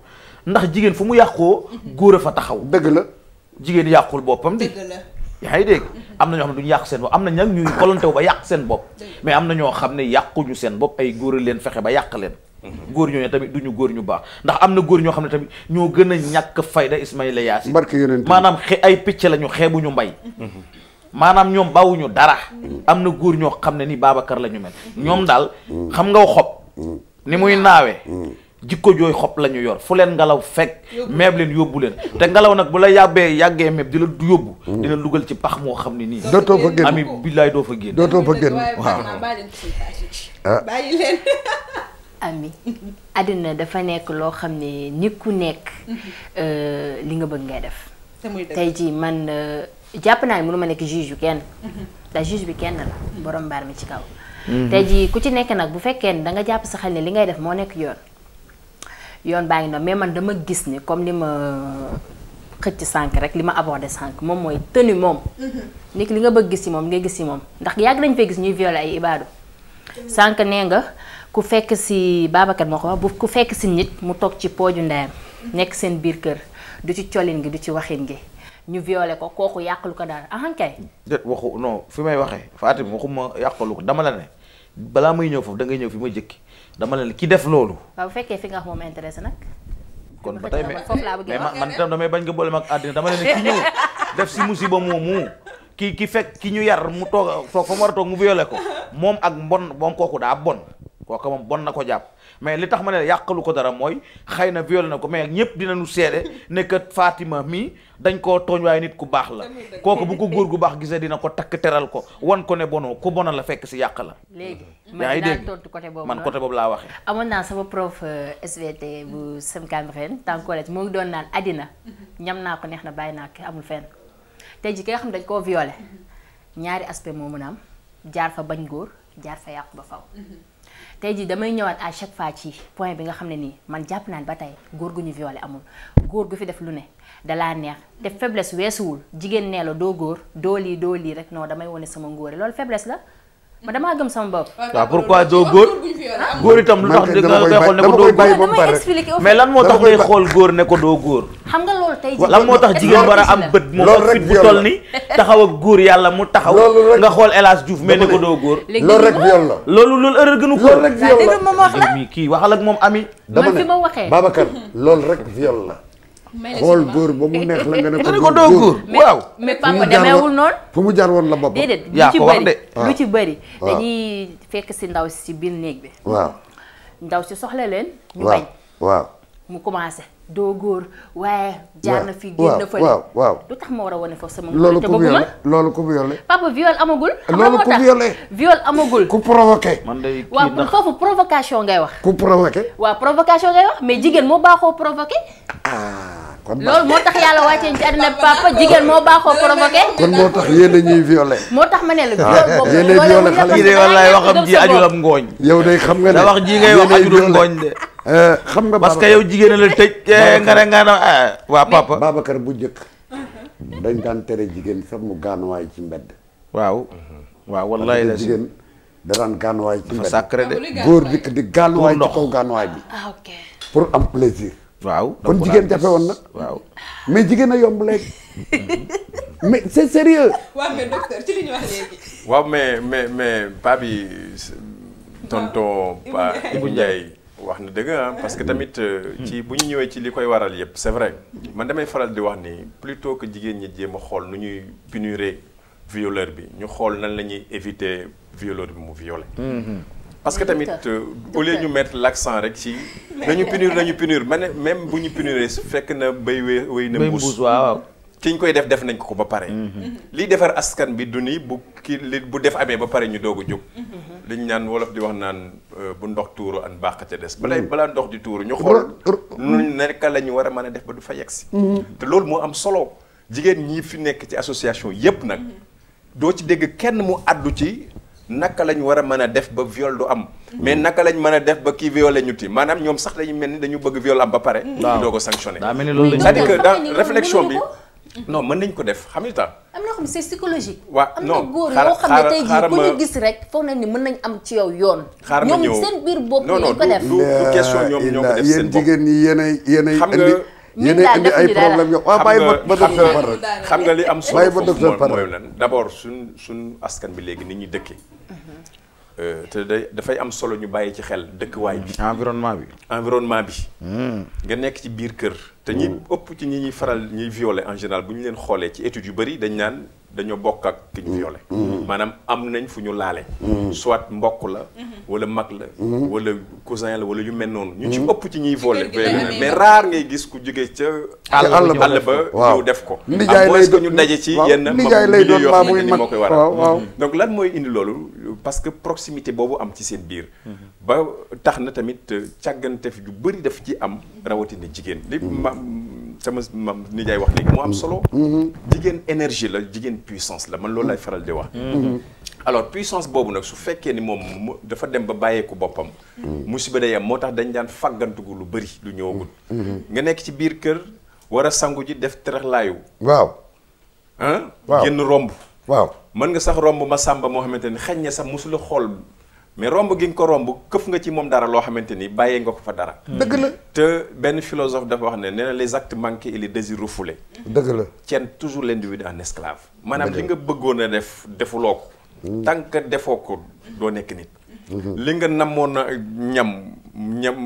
ndax jigéen fu mu yàqoo mhm. góor a fa taxaw bëgg la jigéen yàqul boppam di yaa ngi dégg am na ñoo xam ne duñu yàq seen bopp am na ñag ñuy volonté wu ba yàq seen bopp mais am na ñoo xam ne yàquñu seen bopp ay góor a leen fexe ba yàq leen Mm-hmm. góor ñooñu tamit du ñu góor ñu baax ndax am na góor ñoo xam ne tamit ñoo gën a ñàkk fayda Ismaïla Yaasin maanaam xe ay picc la ñu xeebuñu mbay mm-hmm. maanaam ñoom bawuñu dara mm-hmm. am na góor ñoo xam ne nii Babacar la ñu mel ñoom daal xam ngaw xob ni muy naawee jikko jooy xob la ñu yor fu leen ngelaw fekk meeb leen yóbbu leen te ngelaw nag bu la yàbbee yàggee meeb di la du yóbbu dina lugal ci pax moo xam ne nii dootoo fa génn ami billaay doo fa génn dootoo fa génn waaw bàyyi ami àddina dafa nekk loo xam ne nit ku nekk mhm. euh, li nga bëgg ngay def tey jii man euh, jàpp naa ne mënu ma nekk juge yu kenn ndax mhm. juge bi kenn la mhm. borom mbaar mi ci kaw tey jii ku ci nekk nag bu fekkee ne da nga jàpp sa xel ne li ngay def moo nekk yoon yoon baa ngi noonu mais man dama gis ni comme li ma xëcc sànq rek li ma abordé sànq moom mooy tënu moom nit li nga bëgg gis si moom nga gis si moom ndax yàgg nañ fee gis ñuy violé ay ibaadu sànq nee nga ku fekk si Babacar moo ko wax bu ku fekk si nit mu toog ci pooju ndeyam nekk seen biir kër du ci colin gi du ci waxin gi ñu violé ko kooku yàqalu ko dara ah kay. déet waxu non fi may waxee Fatim waxuma yàqalu ko dama la balaa may ñëw foofu da ngay ñëw fi ma jëkki dama la ne ki def loolu. waaw bu fekkee fi nga wax moom intéressé nag. kon ba tey mais man itam damay bañ nga boole mag àddina dama la ne ki ñëw def si musiba mu ki ki fekk ki ñu yar mu toog toog fa mu war a toog mu violé ko moom ak mbon moom kooku daa bon. kooka moom bon na ko jàpp mais li tax ma ne yàqalu ko dara mooy xëy na violé na ko mais ñëpp dinañu seede ne que Fatima mii dañ koo tooñ waaye nit ku baax la kooku bu ko góor gu baax gisee dina ko takk teral ko wan ko ne bonoo ku bona la fekk si yàq la léegi yaa ngi dégg man côté boobu laa waxee amoon naa sama prof euh, SVT bu sem Cambérène temps collège moo ngi doon naan àddina ñam naa ko neex na bàyyi naa ko amul fenn tey ji ki xam dañ koo violé ñaari aspect moo mën a am jaar fa bañ góor jaar fa yàqu ba faw tey jii damay ñëwaat à chaque fois ci point bi nga xam ne nii man jàpp naan ba tey góor gu ñu violé amul góor gu fi def lu ne dalaa neex te faiblesse weesuwul jigéen nee la doo góor doolii lii doo lii rek non damay wane sama ngóore loolu faiblesse la ma damaa gëm sama bopp. waaw pourquoi doo góor ah. góor itam lu tax nga koy xool ne ko doo mais lan moo tax ngay xool góor ne ko doo góor. xam nga loolu tey lan moo tax jigéen war a am bët moom ak fit bu toll ni taxaw ak góor yàlla mu taxaw nga xool El Hadj Diouf mais ne ko doo góor. loolu rek viol la loolu loolu erreur gënu ko. loolu rek viol la kii waxal ak moom ami. dama ne Babacar loolu rek viol la xool góor ba mu neex la nga doo góor waaw mais papa demeewul noonu fu mu jaar woon la boppam déedéet lu ci bëri ah. lu ci bëri ah. dañuy fekk si ndaw si biir néeg bi waaw ndaw si soxla leen ñu bañ mu commencé doo góor waaye. jaar na génn fële waaw waaw lu tax ma war a wane foofu sama. loolu ku violé loolu ku violé papa viol amagul. xam nga moo tax viol amagul. ku provoqué. man day kii waaw foofu ngay wax. ku provoqué. waaw provocation ngay wax mais jigéen moo baaxoo provoqué. Ah, kon loolu moo tax yàlla wàccee ci àddina papa jigéen moo baaxoo provoqué. kon moo tax yéen a ñuy moo tax ma ne la. waaw yéen a violé xale yi de wallaay waxam ji aju la ngooñ. yow day xam nga ne da wax ji ngay Eh, xam nga. parce que yow jigéen eh, ne nga ne eh, waa bu njëkk dañ daan tere jigéen sax mu gaanuwaay ci mbedd. waaw. waaw wallaay la jigéen da daan gaanuwaay ci mbedd. sacré de góor dikk di gaanuwaay ci kaw gaanuwaay bi. Ah, pour am plaisir. waaw mais jigéen a mais c'est sérieux. waaw mais docteur wax na dëgg ah, parce que tamit euh, hmm. ci bu ñu ñëwee ci li koy waral yëpp c'est vrai man damay faral di wax ni plutôt que jigéen ñi jéem a xool nu ñuy puniré violeur bi ñu xool nan la ñuy éviter violeur bi mu violé hmm. parce que tamit euh, au lieu ñu mettre l'accent rek ci nañu punir nañu punir ma ne même bu ñu puniree fekk na bay wéy wéy na mbuus waaw ki ñu koy def def nañ ko ko ba pare. Mm-hmm. Mm-hmm. lii defar askan bi du nii bu ki li bu def amee ba pare ñu doog a jóg. Mm-hmm. liñ naan wolof di wax naan euh, bu ndox tuuru an baax ca des. balay balaa ndox di tuuru ñu xool. nu naka la ñu war a mën a def ba du fa si. te loolu moo am solo jigéen ñi fi nekk ci association yépp nag. doo ci dégg kenn mu àddu ci. naka lañ war a mën a def ba viol du am mais naka lañ mën a def ba kii violé ñu ti maanaam ñoom sax ñu mel ni dañu bëgg viol am ba pare ñu doog a sanctionné c'est-à-dire que dans réflexion bi non mën nañ ko def xam nga tax. am na xam ne c'est psychologique. waaw am na góor yoo xam ne tey jii ku gis rek foog nañ ni mën nañ am ci yow yoon. xaaral ma ñëw ñoom seen biir bopp lañ ko def non non du du question yéen jigéen ñi yéenay a ay problème yo waaw bàyyi ba docteur Par rek xam nga li am solo foofu mooy lan d'abord suñ suñ askan bi léegi ni ñuy dëkkee Euh, te day dafay am solo ñu bàyyi ci xel dëkkuwaay bi. environnement bi. environnement bi. Hmm. nga nekk ci biir kër. te ñi hmm. ëpp ci ñi ñuy faral ñuy violer en général bu ñu leen xoolee ci études yu bari dañ naan dañoo bokk ak ki ñu yoole mm. mm. mm. maanaam am nañ fu ñu laale soit mbokk la mm-hmm. wala mag la wala cousin la wala yu mel noonu ñu ci ëpp ci ñuy volé mais raar ngay gis ku jógee ca àll ba àll ba ñëw def ko ndijaay lay doon ñu daje ci yenn ndijaay lay doon maa muy mag moo koy waral mm-hmm. donc lan mooy indi loolu parce que proximité boobu am ci seen biir mm-hmm. ba tax na tamit càggantef ju bëri daf ci am rawatina jigéen li sama mam nijaay wax léegi moo am solo. Mm-hmm. Mm-hmm. jigéen énergie la jigéen puissance la man loolu lay faral di wax. Mm-hmm. alors puissance boobu nag su fekkee ni moom dafa dem ba bàyyeeku boppam. musiba day am moo tax dañ daan fàggantugu lu bëri lu ñëwagul. nga nekk ci biir kër war a sangu ji def teraxlaayu. waaw. ah. waaw génn romb. waaw mën nga sax romb ma sàmba moo xamante ni xañ na sax mosula xool. mais romb gi nga ko romb këf nga ci moom dara loo xamante ni bàyyee nga ko fa dara. Mm-hmm. dëgg la te benn philosophe dafa wax ne nee na les actes manqués et les désirs dëgg la tiennent toujours l'individu en esclave. maanaam li nga bëggoon a def defuloo ko. Mm. tant defoo ko doo nekk nit. Mhm. li nga namoon a ñam ñam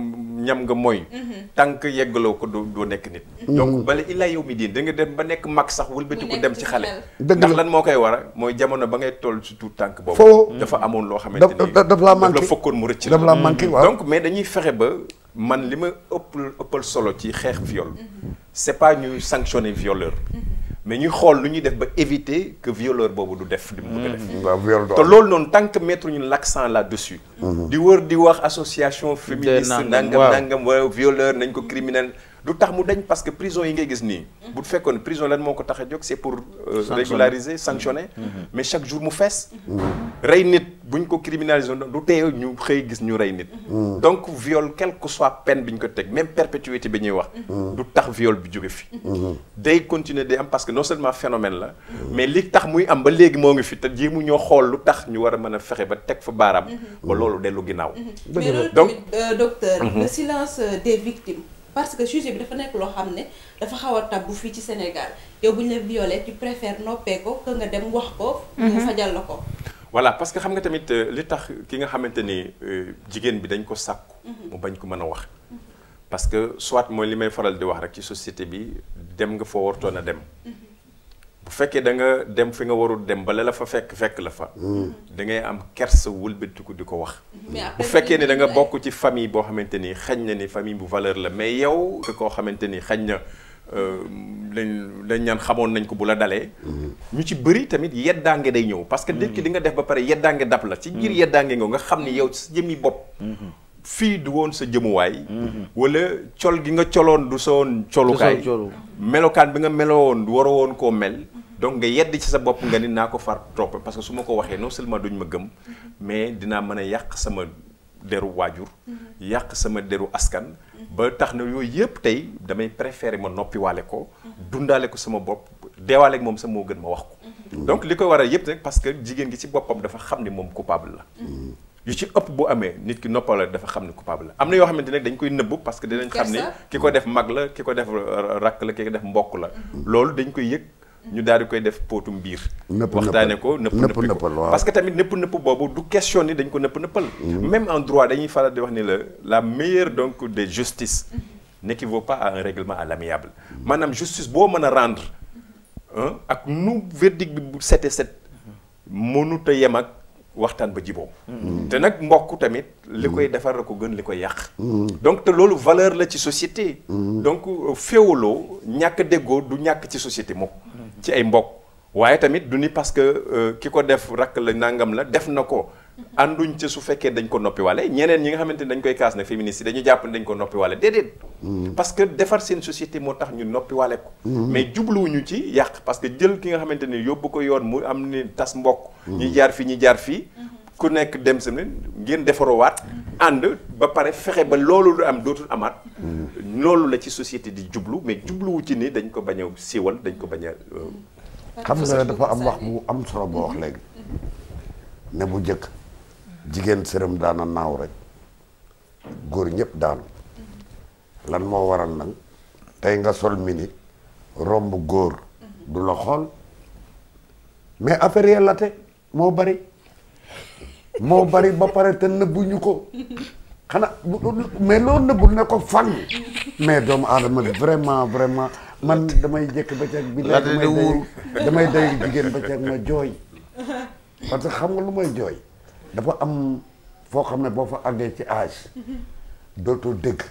ñam nga mooy mhm. tànk yeggaloo ko doo nekk nit mhm. donc bala illaa yow mi diin da nga dem ba nekk mag sax wëlbati ko dem ci xale ndax lan moo koy war a mooy jamono ba ngay toll si tuut tànk boobu dafa amoon loo xamante ni daf laa manqué la fokkoon mu rëcc daf laa manqué waaw donc mais dañuy fexe ba man li ma ëpp ëppal solo ci xeex viol c'est pas ñuy sanctionner violeur mais ñu xool lu ñuy def ba éviter que violeur boobu du def. di mu bëgg a def mm-hmm. te loolu noonu tant que mettre ñu l'accent là-dessus. Mm-hmm. di wër di wax association féministe nangam nangam waaw violeur nañ ko criminel. lu tax mu dañ parce que prison yi ngay gis nii mhm. bu fekkoon prison lan moo ko tax a jóg c'est pour euh, régulariser sanctionner mhm. Mhm. mais chaque jour mu fees rey nit buñ ko criminaliser du teye ñu xëy gis ñu rey nit donc viol quelle que soit pen bi ñu ko teg même perpétuité bi ñuy wax du tax viol bu jóge fi day continuer day am parce que non seulement phénomène la mais li tax muy am ba léegi moo ngi fi te jii mu ñoo xool lu tax ñu war a mën a fexe ba teg fa baaraam ba loolu dellu ginnaaw parce que sujet bi dafa nekk loo xam ne dafa xaw a tabbu fii ci Sénégal yow bu ñu la violé tu préfères noppee ko que nga dem wax ko. Mhm. mu fajal la ko. voilà parce que xam nga tamit euh, li tax ki nga xamante ni euh, jigéen bi dañ ko sàkku. Mhm. mu bañ ko mën a wax. Mhm. parce que soit mooy li may faral di wax rek ci société bi dem nga foo wartoon a dem. bu fekkee da nga dem fi nga warul dem bala la fa fekk fekk la fa. Hmm. da ngay am kersa wëlbatiku di ko wax. Hmm. bu fekkee ne da nga bokk ci famille boo xamante ni xañ na ni famille bu valeur la mais yow. koo xamante ni xañ na euh, lañ dañ ñaan xamoon nañ ko bu la dalee. Hmm. ñu ci bëri tamit yeddaange day ñëw. parce que nit ki li nga def ba pare yeddaange dab la. ci ngir yeddaange nga nga xam ni yow sa jëmmi bopp. fii du woon sa jëmuwaay. wala col gi nga coloon du sa woon colukaay melokaan bi nga melowoon war woon koo mel. donc nga yedd ci sa bopp nga ni naa ko far topp parce que su ma ko waxee non seulement duñ ma gëm mais dinaa mën a yàq sama deru waajur yàq sama deru askan ba tax na yooyu yëpp tey damay préférer ma noppiwaale ko dundaale ko sama bopp deewaale ak moom sax moo gën ma wax ko donc li koy waral yëpp rek parce que jigéen gi ci boppam dafa xam ni moom coupable la yu ci ëpp bu amee nit ki noppal dafa xam ne coupable la am na yoo xamante ne dañ koy nëbb parce que dinañ xam ne ki ko def mag la ki ko def euh, rakk la ki def mbokk la mm-hmm. loolu dañ koy yëg ñu daal di koy def póotum biir waxtaane ko nëpp nëppal waaw parce que tamit nëpp nëpp boobu du question ni dañ ko nëpp nëppal mm-hmm. même en droit dañuy faral di wax ni la la meilleure donc des justices mm-hmm. n'équivaut pas à un règlement à l'amiable maanaam justice boo mën a rendre ak nu verdict bi bu sete set mënut a yem ak waxtaan ba jiboo mm-hmm. te nag mbokk tamit li koy defar la ko gën li koy yàq donc te loolu valeur la ci société donc euh, féewaloo ñàkk déggoo du ñàkk ci société moom ci ay mbokk waaye tamit du ni parce que euh, ki ko def rakk la nangam la def na ko ànduñ ci su fekkee dañ ko noppiwale ñeneen ñi nga xamante ni dañ koy kaas nag féministes yi dañu jàpp ne dañ ko noppiwale déedéet mm. parce que defar seen société moo tax ñu noppiwale ko mm. mais jubluwuñu ci yàq parce que jël ki nga xamante ni yóbbu ko yoon mu am ni tas mbokk ñi mm. jaar fii ñi jaar fii mm-hmm. ku nekk dem sa ngeen defarowaat ànd ba pare fexe ba loolu lu am dootul amaat. loolu la ci société di jublu mais jubluwu ci ni dañ ko bañ a siiwal dañ ko bañ a. Euh, xam nga dafa am wax bu am solo boo wax léegi. ne bu jëkk jigéen sërëm daana naaw rek góor ñëpp daanu. lan moo waral nag tey nga sol mini romb góor. du la xool mais affaire la te moo bari. moo bari ba pare te ñu ko xanaa mais loo nëbbul ne ko fan mais doomu aadama vraiment vraiment man damay jekk ba ceeg bi damay day damay day jigéen ba ceeg ma jooy parce que xam nga lu may jooy dafa am foo xam ne boo fa àggee ci age dootoo dégg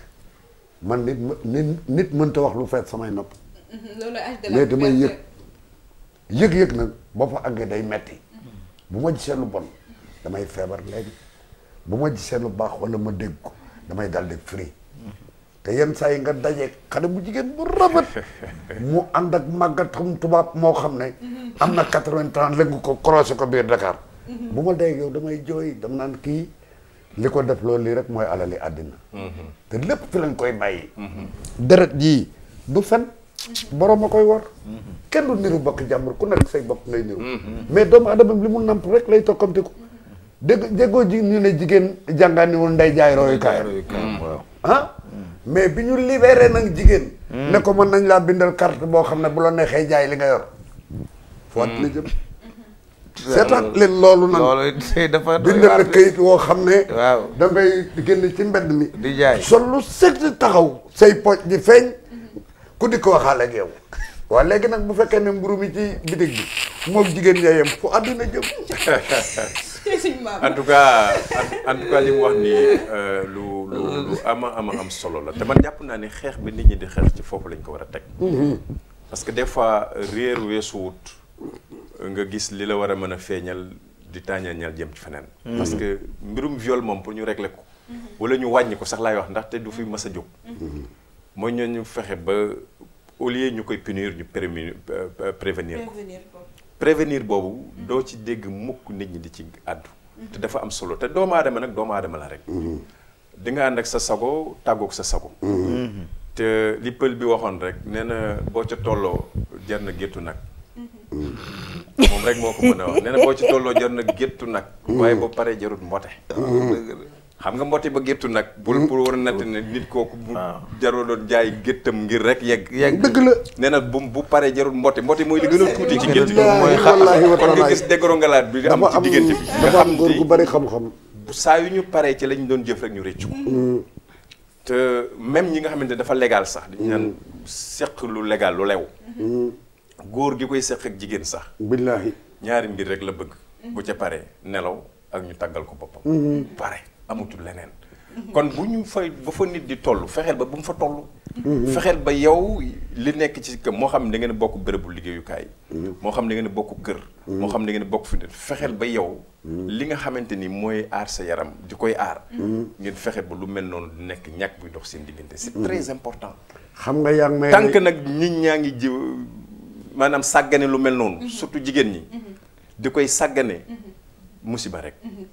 man nit nit nit mënta wax lu feet samay nopp mais damay yëg yëg-yëg nag boo fa àggee day metti bu ma gisee lu bon damay feebar léegi bu ma gisee lu baax walla ma dégg ko damay dal di firi te yenn saa yi nga daje xale bu jigéen bu rafet mu ànd ak màggatum tubaab moo xam ne am na quatre-vingts ans ko croisé ko biir Dakar bu ma dee yow damay jooy dama naan kii li ko def loolu lii rek mooy alali àddina te lépp fi lañ koy bàyyi deret jii du fen borom a koy war kenn du niru bokk jàmbur ku nekk say bokk ngay niru mm-hmm. mais doomu adama li mu namp rek lay tokkamtiku dégg déggoo ji ñu ne jigéen jànganiwul nday jaay royukaay waaw hmm. ah? mais bi ñu libéré nag jigéen hmm. ne ko mën nañ laa bindal carte boo xam ne bu la neexee jaay li nga yor foo at hmm. la jëm loolu nag kayit woo xam ne waaw da ngay ci mbedd mi di jaay sol lu set taxaw say poj di feeñ ku di ko waxaale yow waaw léegi nag bu fekkee ne mburu mi ci bitig bi moom jigéen ña fu àdduna jëm en tout cas en tout cas wax ni euh, lu lu lu am am solo la te man jàpp naa ni xeex bi nit ñi di xeex ci foofu lañ ko war a teg. Mhm. parce que des fois réer weesuwut nga gis li la war a mën a feeñal di tàññal ñal jëm ci feneen. Mhm. parce mbirum viol moom pour ñu régler ko. Mhm. wala ñu wàññi ko sax laay wax ndaxte du fi mës a jóg. mooy ñooñu fexe ba au lieu ñu koy punir ñu euh, euh, prévenir ko. prévenir boobu doo ci dégg mukk nit ñi di ci àddu te dafa am solo te doomu aadama nag doomu aadama la rek mhm. di nga ànd ak sa sago tàggook sa sago mhm. te li pël bi waxoon rek nee na boo ca tolloo jar na géttu nag mhm. moom rek moo ko mën a wax ne na boo ci tolloo jar na géttu nag waaye ba paree jarut mbote xam nga mbotti ba géttu nag. bul pour war a natt ne nit kooku. bu ah. jaroo doon jaay géttam ngir rek yegg. yegg dëgg la nee na bu bu paree jarul mbotti mbotti mooy li gën a ci gi mooy xaar kon nga gis dégorongalaat bi am ci diggante bi. nga xam góor gu bari xam-xam. saa yu ñu paree ci lañ doon jëf ñu rëccu. Mm. même ñi nga xamante ne dafa légal sax. dañ naan seq lu legaal lu lew. Mm. góor gi koy seq ak jigéen sax. billaahi ñaari mbir rek la bëgg. bu ca paree nelaw ak ñu tàggal ko boppam. Mm-hmm. pare. amatul leneen. kon bu ñu fa ba fa nit di toll fexeel ba bu mu fa toll. fexeel ba yow li nekk ci kër moo xam ne da ngeen bokk bërëbu liggéeyukaay. moo xam ne da ngeen bokk kër. moo xam ne da ngeen bokk fi fexeel ba yow. li nga xamante ni mooy aar sa yaram di koy aar. ngeen fexe ba lu mel noonu di nekk ñàkk buy dox seen diggante c'est très important. xam nga yaa ngi may nag nit ñaa ngi ji maanaam sàggane lu mel noonu. surtout jigéen ñi. di koy sàggane. musiba rek. Mhm.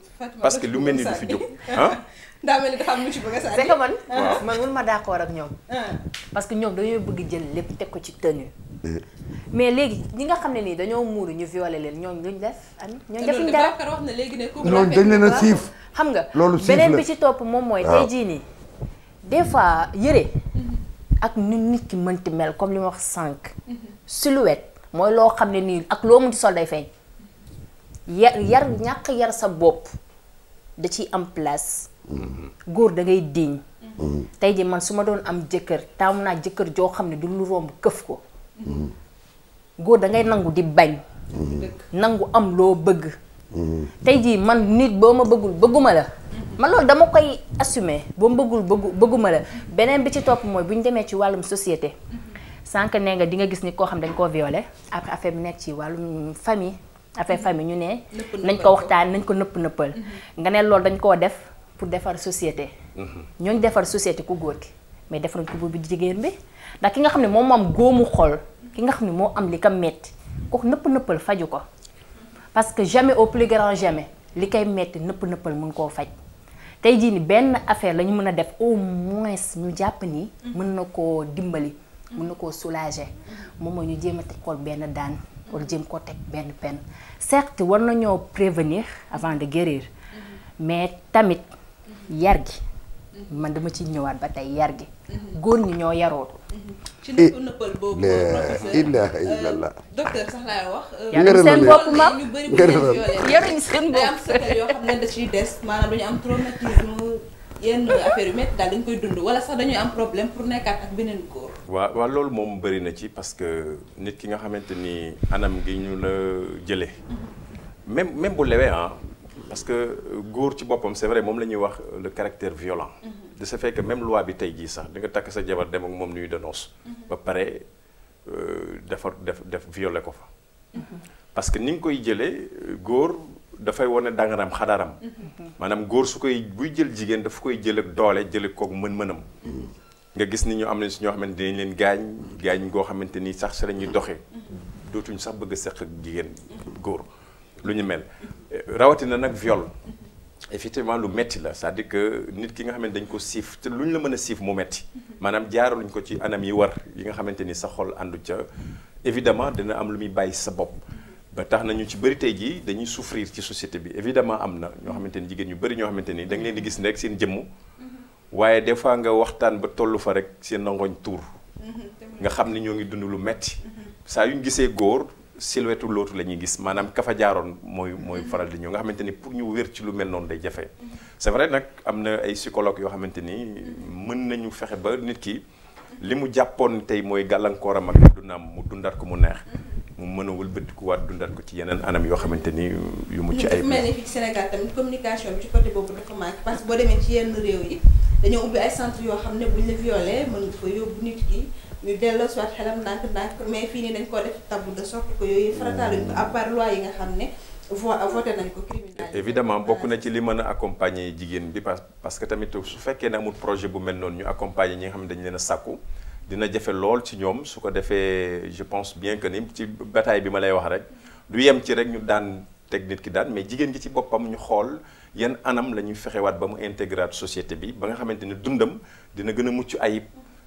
parce que lu mel ni du fi jóg ah. daa mel ni dafa am musiba nga man. man mun ma d'accord ak ñoom. Ah. parce que ñoom dañoo bëgg jël lépp teg ko ci tenue. Eh. mais léegi ñi nga xam ne nii dañoo muur ñu violé leen ñoom luñ def am ñooñu defuñ dara wax na léegi ne loolu dañ leen a siif xam nga beneen bi ci topp moom mooy tey jii nii des fois yëre mhm. ak nu nit ki mënti mel comme li ma wax sànq mhm. silhouette mooy loo xam ne nii ak loo mun ci sol feeñ yar yar ñàkk yar sa bopp da ci am place mm-hmm. góor dangay ngay diiñ mm-hmm. tey ji man su ma doon am jëkkër taamu naa jëkkër joo xam ne du lu romb këf ko mm-hmm. góor dangay nangu di bañ nangu am loo bëgg tey jii man nit boo ma bëggul bëgguma la man loolu dama koy assumer boo ma bëggul bëggu bëgguma la beneen bi ci topp mooy bu ñu demee ci wàllum société sànq nee nga di nga gis ni koo xam dañ koo violé après affaire bi nekk ci wàllum famille affaire famille ñu ne. nañ ko waxtaan nañ ko nëpp nëppal. Mhm. nga ne loolu dañ koo def pour defar société. Mhm. ñooñ defar société ku góor gi mais defaruñ ko bu jigéen bi ndax ki nga xam ne moom am góomu xol ki nga xam ne moo am li ko metti kooku nëpp nëppal faju ko parce que jamais au plus grand jamais li koy metti nëpp nëppal mun koo faj. tey jii ni benn affaire la ñu mën a def au moins ñu jàpp ni. Mhm. mën na koo dimbali. mun na koo soulager moom mooy ñu jéem a teg benn daan. war jëm ko teg benn peine certes war nañoo prévenir avant de guérir mais tamit yar gi man dama ci ñëwaat ba tey yar gi góor ñi ñoo yaroot ci nëpp eh, la boobu ilaaha euh, wax euh, yaruñ seen bopp maam ñu seen bopp am yenn affaire yu métti dañ koy dund wala sax dañuy am problème pour nekkaat ak beneen góor. waaw waaw loolu moom bëri na ci parce que nit ki nga xamante ni anam gi ñu la jëlee. Mm-hmm. même même bu lewee ah. parce que góor ci boppam c'est vrai moom la ñuy wax le caractère violent. Mm-hmm. de ce fait que même loi bi tey jii sax di nga takk sa jabar dem ak moom nuy denos mm-hmm. ba pare euh, defar def def violé ko fa. parce que ni koy jëlee góor. dafay wane dangaram xadaram maanaam góor su koy buy jël jigéen dafa koy jël ak doole jël koog mën-mënam nga gis ni ñu am nañ si ñoo xamante dañ leen gaañ gaañ goo xamante ni sax si la doxee dootuñ sax bëgg a seq ak jigéen góor lu ñu mel rawatina nag viol effectivement lu metti la cest di dire que nit ki nga xamante dañ ko siif te lu ñu la mën a siif mu metti maanaam jaaraluñ ko ci anam yi war yi nga xamante ni sa xol àndu ca évidemment dina am lu muy bàyyi sa bopp ba tax nañu ci bëri tey jii dañuy souffrir ci société bi évidement am na ñoo xamante ni jigéen ñu bëri ñoo xamante ni da nga leen di gis rek seen jëmm waaye des fois nga waxtaan ba tollu fa rek seen nangoñ tuur nga xam ni ñoo ngi dund lu metti saa yu ñu gisee góor silhouette lootu la ñuy gis maanaam kafa jaaroon mooy mooy faral di ñëw nga xamante ni pour ñu wér ci lu mel noonu day jafe. c'est vrai nag am na ay psychologue yoo xamante ni mën nañu fexe ba nit ki li mu jàppoon tey mooy gàllankoor gàllankooram ak dundaam mu dundaat ko mu neex. mu mën a wëlbatikuwaat dundaat ko ci yeneen anam yoo xamante ni yu mu ayib. ay ni fii ci Sénégal tamit communication bi ci côté boobu dafa manqué parce que boo demee ci yenn réew yi dañoo ubbi ay centre yoo xam ne buñ la violé mën nga ko yóbbu nit ki ñu delloo soit xelam ndànk-ndànk mais fii nii dañ koo def tabou de sorte que yooyu farataaluñ ko à part loi yi nga xam ne voté nañ ko criminalisé évidemment bokk na ci li mën a jigéen bi parce que tamit su fekkee ne amul projet bu mel noonu ñu accompagner nga xam ne dañ leen a dina jafe lool ci ñoom su ko defee je pense bien que ni ci bataille bi ma lay wax rek du yem ci rek ñu daan teg nit ki daan mais jigéen gi ci boppam ñu xool yan anam la ñuy fexewaat ba mu intégrer société bi ba nga xamante ni dundam dina gën a mucc ayib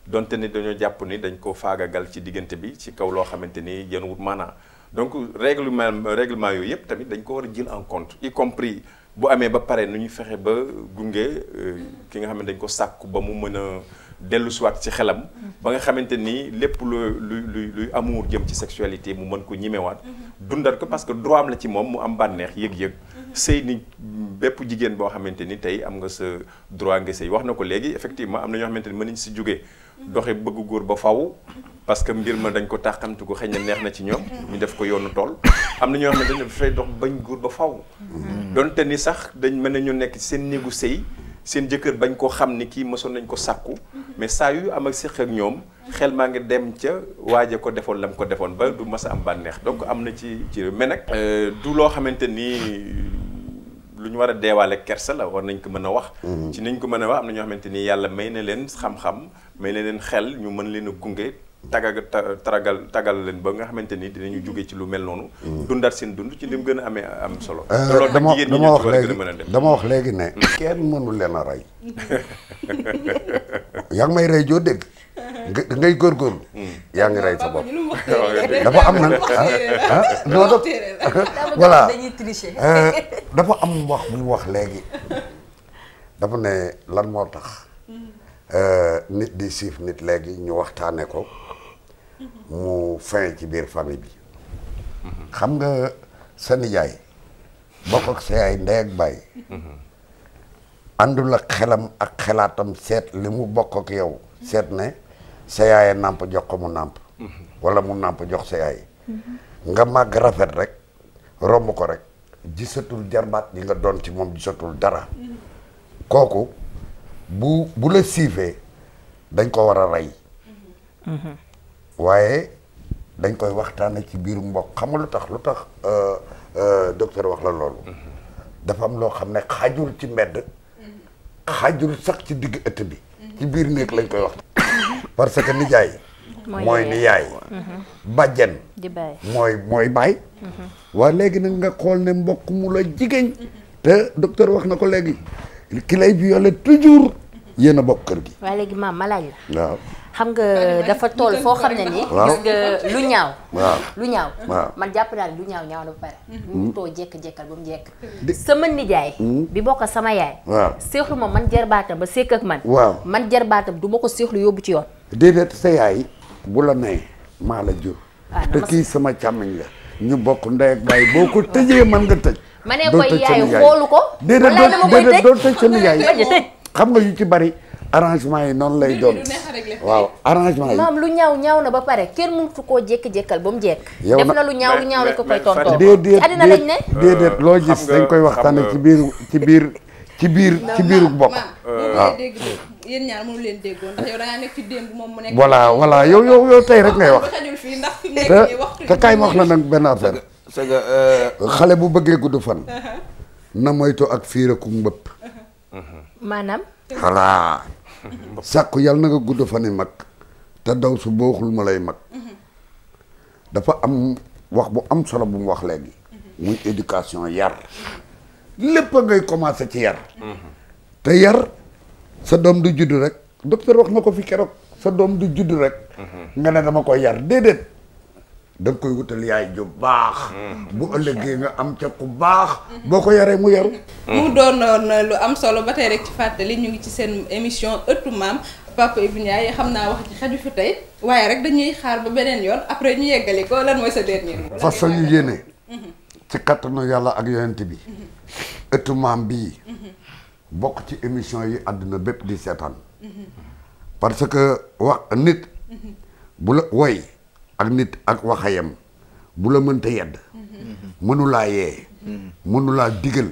donte ni dañoo jàpp ni dañ ko faagagal ci diggante bi ci kaw loo xamante ni yan wut maanaa donc règlement règlement yooyu yëpp tamit dañ ko war a jël en compte y compris bu amee ba pare nu ñuy fexe ba gunge euh, ki nga xam dañ ko sàkku ba mu mën a dellu siwaat ci xelam ba nga xamante nii lépp lu luy luy amour jëm ci sexualité mu mën ko ñimewaat dundat ko parce que droit am la ci moom mu am bànneex yëg-yëg sëy ni bépp jigéen boo xamante ni tey am nga sa droit nga sëy wax na ko léegi effectivement am na xamante ni mën nañ si jógee doxe bëgg góor ba faw parce que mbir ma dañ ko tàxxamtu ko xëy na neex na ci ñoom ñu def ko yoonu tool am na ñoo xamante ni dafay dox bañ góor ba faw mm-hmm. donte ni sax dañ mën nañu nekk seen néegu sëy seen jëkkër bañ koo xam ni kii mosoon nañ ko sàkku mais saa yu am ak séq ak ñoom xel maa ngi dem ca waaje ko defoon lam ko defoon ba du mas a am bànneex donc am na ci ci mais nag euh, du loo xamante ni lu ñu war a deewaale kersa la war nañ ko mën a wax mm-hmm. ci nañ ko mën a wax am na ñoo xamante ni yàlla may na leen xam-xam may na leen xel ñu mën leen a gunge tagal taragal tagal leen ba nga xamante ni dinañu mm-hmm. jóge ci lu mel noonu. Mm-hmm. dundaat seen dund ci lim gën a amee am solo. Euh, loolu nag jigéen ñi ñu ci war dama wax léegi ne. Mm-hmm. kenn mënul leen a rey. yaa ngi may rey joo dégg. nga ngay góorgóorlu. yaa ngi rey sa bopp. dafa am nag ah euh, dafa am wax bu wax léegi. dafa ne lan moo tax. Euh, nit di siif nit léegi ñu waxtaanee ko. mu fin ci biir famille bi xam nga sa nijaay bokk ak sa yaay ndey ak baay àndul ak xelam ak xelaatam seet li mu bokk ak yow seet ne sa yaay nàmp jox ko mu nàmp wala mu nàmp jox sa yaay nga màgg rafet rek romb ko rek gisatul jarbaat yi nga doon ci moom gisatul dara kooku bu bu la siifee dañ koo war a rey mm-hmm. waaye dañ koy waxtaan waxtaanee ci biir mbokk xam nga lu tax lu tax euh, euh, docteur wax la loolu. Mm-hmm. dafa am loo xam ne xaajul ci mbedd. xaajul sax ci digg ëtt bi. Mm-hmm. ci biir néeg lañ koy wax. Mm-hmm. parce que nijaay. mooy nijaay bàjjen mooy mooy baay. waa léegi nag nga xool ne mbokk mu la jigéen. te docteur wax na ko léegi. ki lay violé toujours. yéen bokk kër gi. waaye léegi maam ma laaj la. waaw xam nga dafa tool foo xam ne nii. gis nga lu ñaaw. waaw lu ñaaw. man jàpp naa ne lu ñaaw ñaaw na ba pare. ñu mm. too jekk jekkal ba mu jekk. sama nijaay. Mm. bi bokk sama yaay. waaw seexlu ma man jarbaatam ba sekk ak man. waaw man jarbaatam du ma ko seexlu yóbbu ci yoon. déedéet sa yaay. bu la nee maa la jur. Ah, te kii sama càmmiñ la. ñu bokk ndey ak baay boo ko tëjee mën nga tëj. ma ne ko yaay xoolu ko. déedéet doo déedéet doo tëj sa nijaay. xam nga yu ci bari. arrangement yi noonu lay doon waaw arrangement yi maam lu ñaaw ñaaw na ba pare kenn mënatu koo jékki-jékkal ba mu jekk def na lu ñaaw lu ñaaw rek ko koy tontoo déedéet àddina loo euh, gis dañ koy waxtaane ci biir ci biir ci biir ci biiru bokk euh, waaw yow da ngaa nekk yow yow tey rek ngay wax te kaay ma nag benn affaire euh, xale bu bëggee gudd fan uh-huh. na moytu ak fiir akum mbëpp maanaam sàkku yàlla na nga gudd fan yi mag te daw su booxul ma lay mag mhm. dafa am wax bu am solo bu mu wax léegi mhm. muy éducation yar lépp a ngay commencé ci yar mhm. te yar sa doom du juddu rek docteur wax na ko fi keroog sa doom du juddu rek nga ne dama koy yar déedéet da nga koy wutal yaay ju baax. Mm. bu ëllëgee nga am ca ku baax. boo ko yaree mu yaru. Mm. mu doonoon lu am solo ba tey rek ci fàttali ñu ngi ci seen émission ëttu maam Papa Ibou Ndiaye xam naa wax ci xaju fi tey waaye rek dañuy xaar ba beneen yoon après ñu yeggali ko lan mooy sa dernier. fas sañu yéene. Mm-hmm. Mm-hmm. ci kattanu yàlla ak yonent bi. Mm-hmm. ëttu maam bii. bokk ci émission yi àdduna bépp di seetaan. parce que wax nit. bu la woy ak nit ak waxayam bu la mënta yedd mënulaa yee mënulaa digal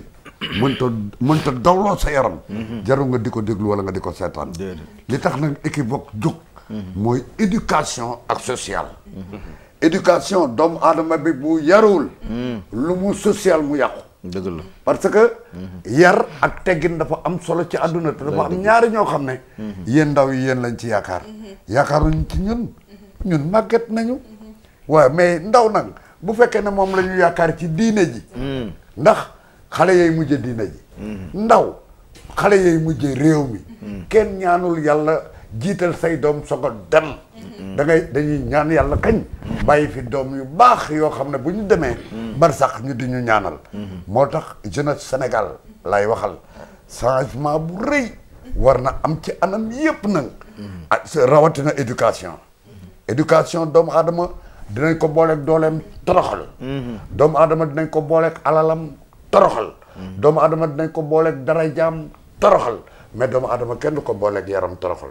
mënta mënta dawloo sa yaram jarul nga di ko déglu wala nga di ko seetaan li tax nag Equivox jóg mooy éducation ak sociale éducation doomu aadama bi bu yaruwul lu mu social mu yàqu dëgg la parce que yar ak teggin dafa am solo ci àdduna te dafa am ñaari ñoo xam ne yéen ndaw yi yéen lañ ci yaakaar yaakaaruñ ci ñun ñun màgget nañu. waaw mais ndaw nag bu fekkee ne moom la ñu yaakaar ci diine ji. Hmm. ndax xale yooyu mujjee diine ji. Hmm. ndaw xale yooyu mujjee réew mi. Hmm. kenn ñaanul yàlla jiital say doom soog a dem. da ngay dañuy ñaan yàlla kañ. bàyyi fi doom yu baax yoo xam ne bu ñu demee. barsax ñu di ñu ñaanal. moo tax jeunesse Sénégal lay waxal changement bu rëy war na am ci anam yëpp nag. ak rawatina éducation. éducation doomu aadama dinañ ko booleeg dooleem toroxal. doomu aadama dinañ ko booleeg alalam toroxal. doomu aadama dinañ ko booleeg dara jaam toroxal mais doomu aadama kenn du ko booleeg yaram toroxal.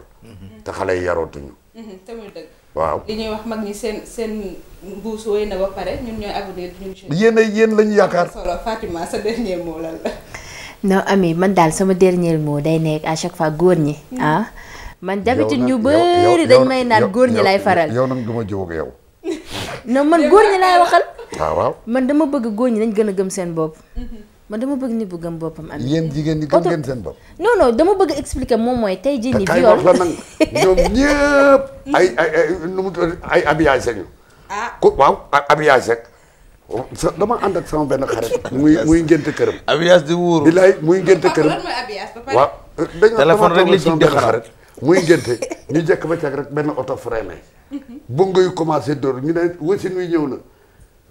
te xale yi yarootuñu. tamit dëgg. waaw li ñuy wax mag ñi seen seen mbuus wéy na ba pare ñun ñooy avenir ñun. yéen a yéen la yaakaar. solo sa dernier mot lan la. non Ami man daal sama dernier mot day nekk à chaque fois góor ñi mm. ah, man d'habitude ñu bëri dañ may naan góor ñi lay faral. yow nag du ma jëw ak yow. non man góor ñi laay waxal. waaw man dama bëgg góor ñi nañ gën a gëm seen bopp. man dama bëgg nit bu gëm boppam am. yéen jigéen ñi gëm ngeen seen bopp. non dama bëgg expliquer moom mooy tey jii nii. viol te nag mu ay habillage ah. rek ñu. ah dama ànd ak benn xarit. muy muy ngénte këram. habillage di wóoru. muy ngénte këram. waaw lan mooy habillage ba pare. waaw dañoo xarit. muy génte ñu jekk ba cag rek benn oto freiné bongo yu commencé door ñu ne wasin wi ñëw na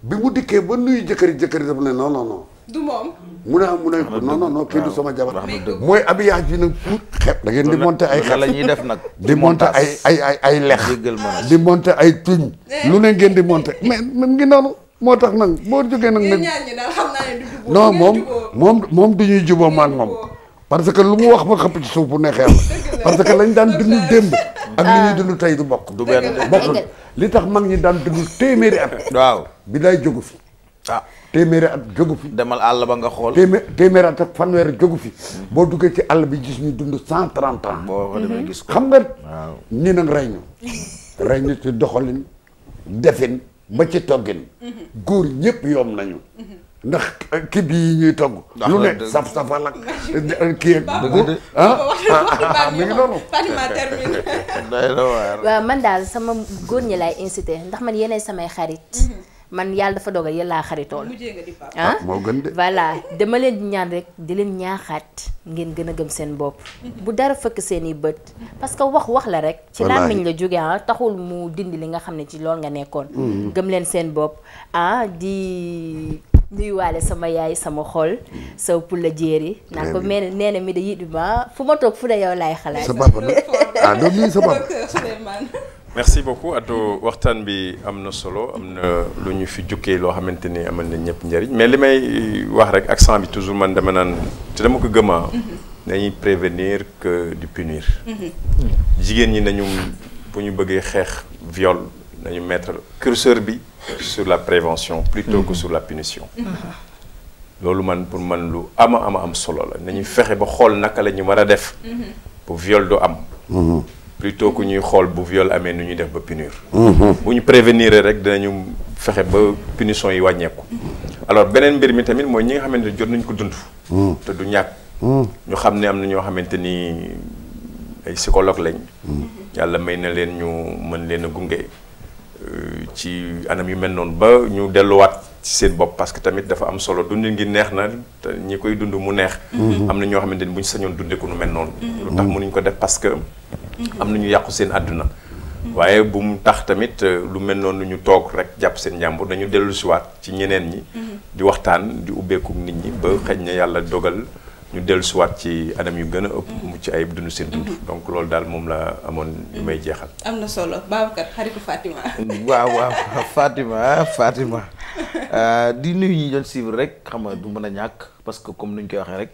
bi mu dikkee ba nuyu jëkkëri jëkkëri dafa ne non non non du moom mu ne mu ne non non non kii du sama jabar mooy abiyax ji nag pour da ngeen di monter ay xet la ñuy def nag di monter ay ay ay ay lex di monter ay tuñ eh. lu ne ngeen di monter mais même ngi noonu moo tax nag boo jógee nag ne non moom moom moom du ñuy juboo maag moom parce que lu mu wax ba xëpp ci suuf bu neexee la parce que lañu daan dund démb ak li ñuy dund tey du bokk du benn bokkul li tax mag ñi daan dund téeméeri at waaw bi daay jógu fi ah téeméeri at jógu fi demal àll ba nga xool téemé téeméeri fanweeri jógu fi boo duggee ci àll bi gis ñu dund cent trente ans boo demee gis xam nga ñi nii rey ñu rey ñu ci doxalin defin ba ci toggin mhm. góor ñëpp yom nañu mhm. ndax kii bii ñuy togg. lu ne saf safal kii ak. Ah? ah mi waaw man daal sama góor ñi laay incité ndax man yéenay samay xarit. Mhm. man yàlla dafa dogal yéen laa xaritool. ah moo gën de. dama leen ñaan rek di leen ñaaxaat ngeen gën a gëm seen bopp. Mhm. bu dara fëkk seen i bët. parce que wax wax la rek. ci làmmiñ la jóge ah taxul mu dindi li nga xam ne ci lool nga nekkoon. Mhm. gëm leen seen bopp ah di. nuyuwaale sama yaay sama xol sa Poula Dieri. naa ko mel nee na mi da yit ma fu ma toog fu ne yow laay xalaat. sa papa ah, beaucoup Ato waxtaan bi am na solo am na lu ñu fi jukkee loo xamante ni amal na ñëpp njëriñ mais li may wax rek accent bi toujours man dama naan te dama ko gëmaa. Ah. nañuy prévenir que di punir. Mm-hmm. jigéen ñi nañu bu ñu bëggee xeex viol. nañu mettre curseur bi sur la prévention plutôt que mm-hmm. sur la punition mm-hmm. loolu man pour man lu ama ama am solo la nañu fexe ba xool naka la ñu war a def mm-hmm. bu viol du am plutôt que ñuy xool bu viol amee nu ñuy def ba punir bu ñu prévenir rek dinañu fexe ba punition yi wàññeeku alors beneen mbir mi tamit mooy ñi nga xamante ni jot nañ ko dund mm. te du ñàkk mm. ñu xam ne am na ñoo xamante ni ay psychologue lañ mm. yàlla may na leen ñu mën leen a gunge ci anam yu mel noonu ba ñu delluwaat ci seen bopp parce que tamit dafa am solo dundin ngi neex na ñi koy dund mu neex. Mm-hmm. am na ñoo xamante ni bu ñu sañoon dundee ko nu mel noonu. Mm-hmm. lu tax mënuñ ko def parce que mm-hmm. am na ñu yàqu seen àdduna. waaye bu mu tax tamit euh, lu mel noonu ñu toog rek jàpp seen njàmbur dañu dellu siwaat ci ñeneen ñi. di waxtaan di ubbeeku nit ñi ba xëj na yàlla dogal. ñu dellusiwaat ci anam yu gën a ëpp mucc ayib dund seen dund mhm. donc loolu daal moom la amoon yu may jeexal am na solo Babacar xaritu Fatima waaw waaw Fatima ah, Fatima ah, di nuyu ñi doon suivre rek xam nga du mën a ñàkk parce que comme ni ñu koy waxee rek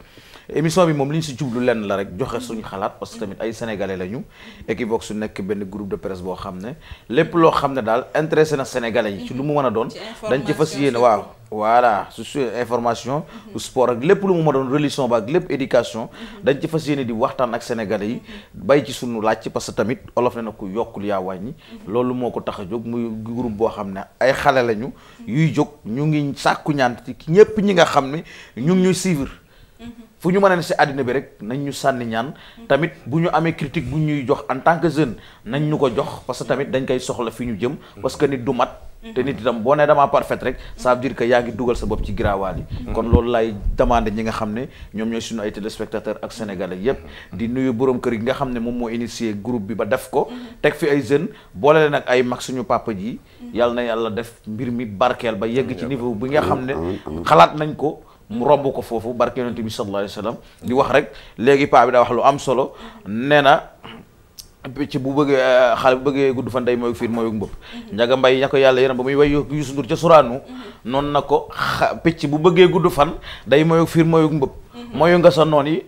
émission bi moom li ñu si jublu lenn la rek joxe suñu xalaat parce que tamit ay sénégalais lañu Equivox su nekk benn groupe de presse boo xam ne lépp loo xam ne daal intéressé na sénégalais yi ci lu mu mën a doon dañ ci fas yéene waaw voilà su information sport ak lépp lu mu ma doon religion ba lépp éducation dañ ci fas yéene di waxtaan ak sénégalais yi bay ci suñu laaj parce que tamit olof ne na ku yokkul yaa wàññi loolu moo ko tax a jóg muy groupe boo xam ne ay xale lañu yuy jóg ñu ngi sàkku ñaan ci ñépp ñi nga xam ne ñu ngi fu ñu mën a si àddina bi rek nañ ñu sànni ñaan tamit bu ñu amee critique bu ñuy jox en tant que jeune nañ ñu ko jox parce que tamit dañ koy soxla fi ñu jëm parce que nit du mat te nit itam boo nee damaa parfaite rek ça veut dire yaa ngi dugal sa bopp ci giraawaal yi kon loolu lay demandé ñi nga xam ne ñoom ñooy suñu ay téléspectateurs ak sénégalais yépp di nuyu borom kër gi nga xam ne moom moo initié groupe bi ba def ko teg fi ay jeunes boole leen ak ay mag suñu papa ji yàlla na yàlla def mbir mi barkeel ba yegg ci bi nga xam ne xalaat nañ ko mu romb ko foofu barke yonent bi sallallahu alayhi wa sallam di wax rek léegi paa bi daa wax lu am solo nee na picc bu bëggee euh, xale bu bëggee gudd fan day mooy fiir mooy mbëpp njaga mbay ña yàlla yaram ba muy way Youssou Ndour ca suraanu noonu na ko picc bu bëggee gudd fan day mooy fiir mooy mbëpp mooyu mhm. nga sa noon yi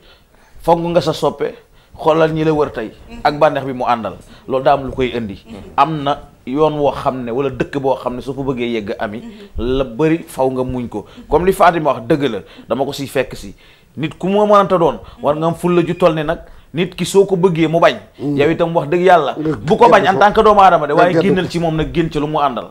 fonk nga sa soppe xoolal ñi la wër tey ak bànneex bi mu àndal loolu daa am lu koy indi am na yoon woo xam ne wala dëkk boo xam ne soo fa bëggee yegg ami la bëri faw nga muñ ko comme li Fatima wax dëgg la dama ko si fekk si nit ku ma mënanta doon war nga am fulla ju toll ne nag nit ki soo ko bëggee mu bañ mm. yow itam wax dëgg yàlla mm. bu ko bañ en mm. tant que doomu aadama de waaye génnal ci moom nag génn ci lu mu àndal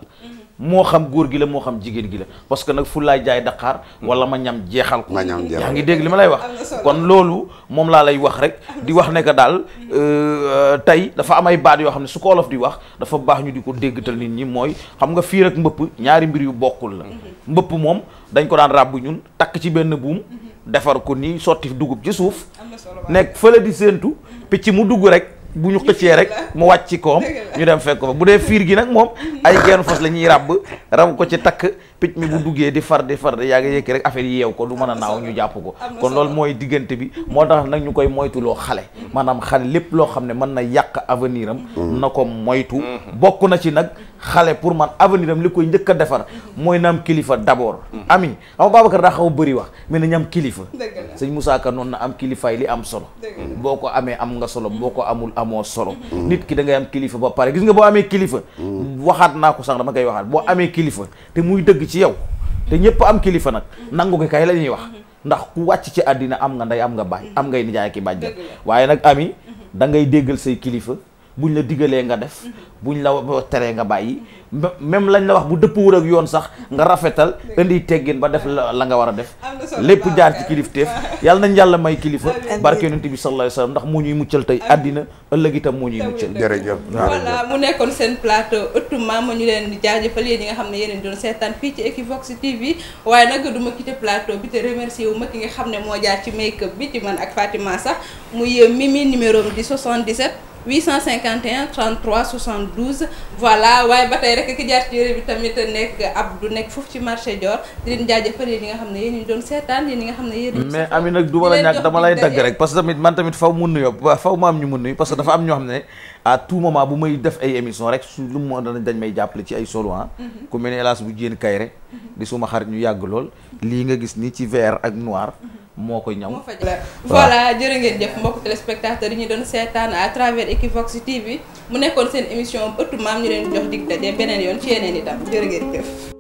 moo xam góor gi la moo xam jigéen gi la parce que nag fu laay jaay daqaar wala ma ñam jeexal ko yaa ngi dégg li ma lay wax kon loolu moom laa lay wax rek di wax ne que daal euh, euh, tey dafa am ay baat yoo xam ne su ko olof di wax dafa baax ñu di ko déggtal nit ñi mooy xam nga fii rek mbëpp ñaari mbir yu bokkul la mm-hmm. mbëpp moom dañ ko daan ràbb ñun takk ci benn buum mm-hmm. defar ko nii sotti dugub ci suuf nekk fële di séentu picc mu dugg rek bu ñu xëccee rek mu wàcc ci koom ñu dem fekk ko fa bu dee fiir gi nag moom ay genn fas la ñuy ràbb rab ko ci takk picc mi bu duggee di far di far di yàgg yëkki rek affaire yi yeew ko du mën a naaw ñu jàpp ko kon loolu mooy diggante bi moo tax nag ñu koy moytuloo xale maanaam xale lépp loo xam ne mën na yàq avenir am mm-hmm. na ko moytu mm-hmm. bokk na ci nag xale pour man avenir li koy njëkk a defar mm-hmm. mooy na am kilifa d'abord ami xam nga Babacar bëri wax mais nañu am kilifa sëñ Moussa Ka noonu na am kilifaay li am solo boo ko amee am nga solo boo ko amul amoo solo nit ki da ngay am kilifa ba pare gis nga boo amee kilifa waxaat naa ko sax dama koy waxaat boo amee kilifa te muy ci yow te ñëpp am kilifa nag nangu ko kay la ñuy wax ndax ku wàcc ci àddina am nga ndey am nga baay am ngay nijaay ki bàjjan waaye nag ami da ngay déggal say kilifa bu ñu la digalee nga def buñ la teree nga bàyyi même lañ la wax bu dëpp dëppwul ak yoon sax nga rafetal indi teggin ba def la la nga war a def lépp jaar ci kilifteef yàlla nañ yàlla may kilifa barke yonent bi sallallahu alayhi wasallam ndax moo ñuy muccal tey àddina ëllëg itam moo ñuy muccal jërëjëf voilà mu nekkoon seen plateau ëttu maam ñu leen di jaajëfal yéen ñi nga xam ne yéen doon seetaan fii ci Equivox TV waaye nag du ma plateau bi te remercier wu ma ki nga xam ne moo jaar ci make-up bi ci man ak Fatima sax mu mimi numéro bi di 851 33 72 voilà waaye ba tey rek ki jaar ci yére bi tamit nekk Abdou nekk foofu ci marché Dior nga xam ne doon seetaan yéen nga xam ne yéen mais ami nag du ma la ñàkk dama que tamit man tamit faw mu nuyu faw ma am ñu mu nuyu parce que dafa bu may def ay émission rek su lu mu dañ dañ may jàppale ci ay solo ah mhm. ku mel ne hélas bu jéen kayre mhm. di suma xarit ñu yàgg lool lii nga gis ni ci ver ak noir mhm. moo koy ñaw. voilà jërë ngeen jëf mbokk téléspectateurs yi ñu doon seetaan à travers Equivox TV mu nekkoon seen émission ëttu maam ñu leen jox dig daje beneen yoon ci yeneen itam jërë ngeen jëf.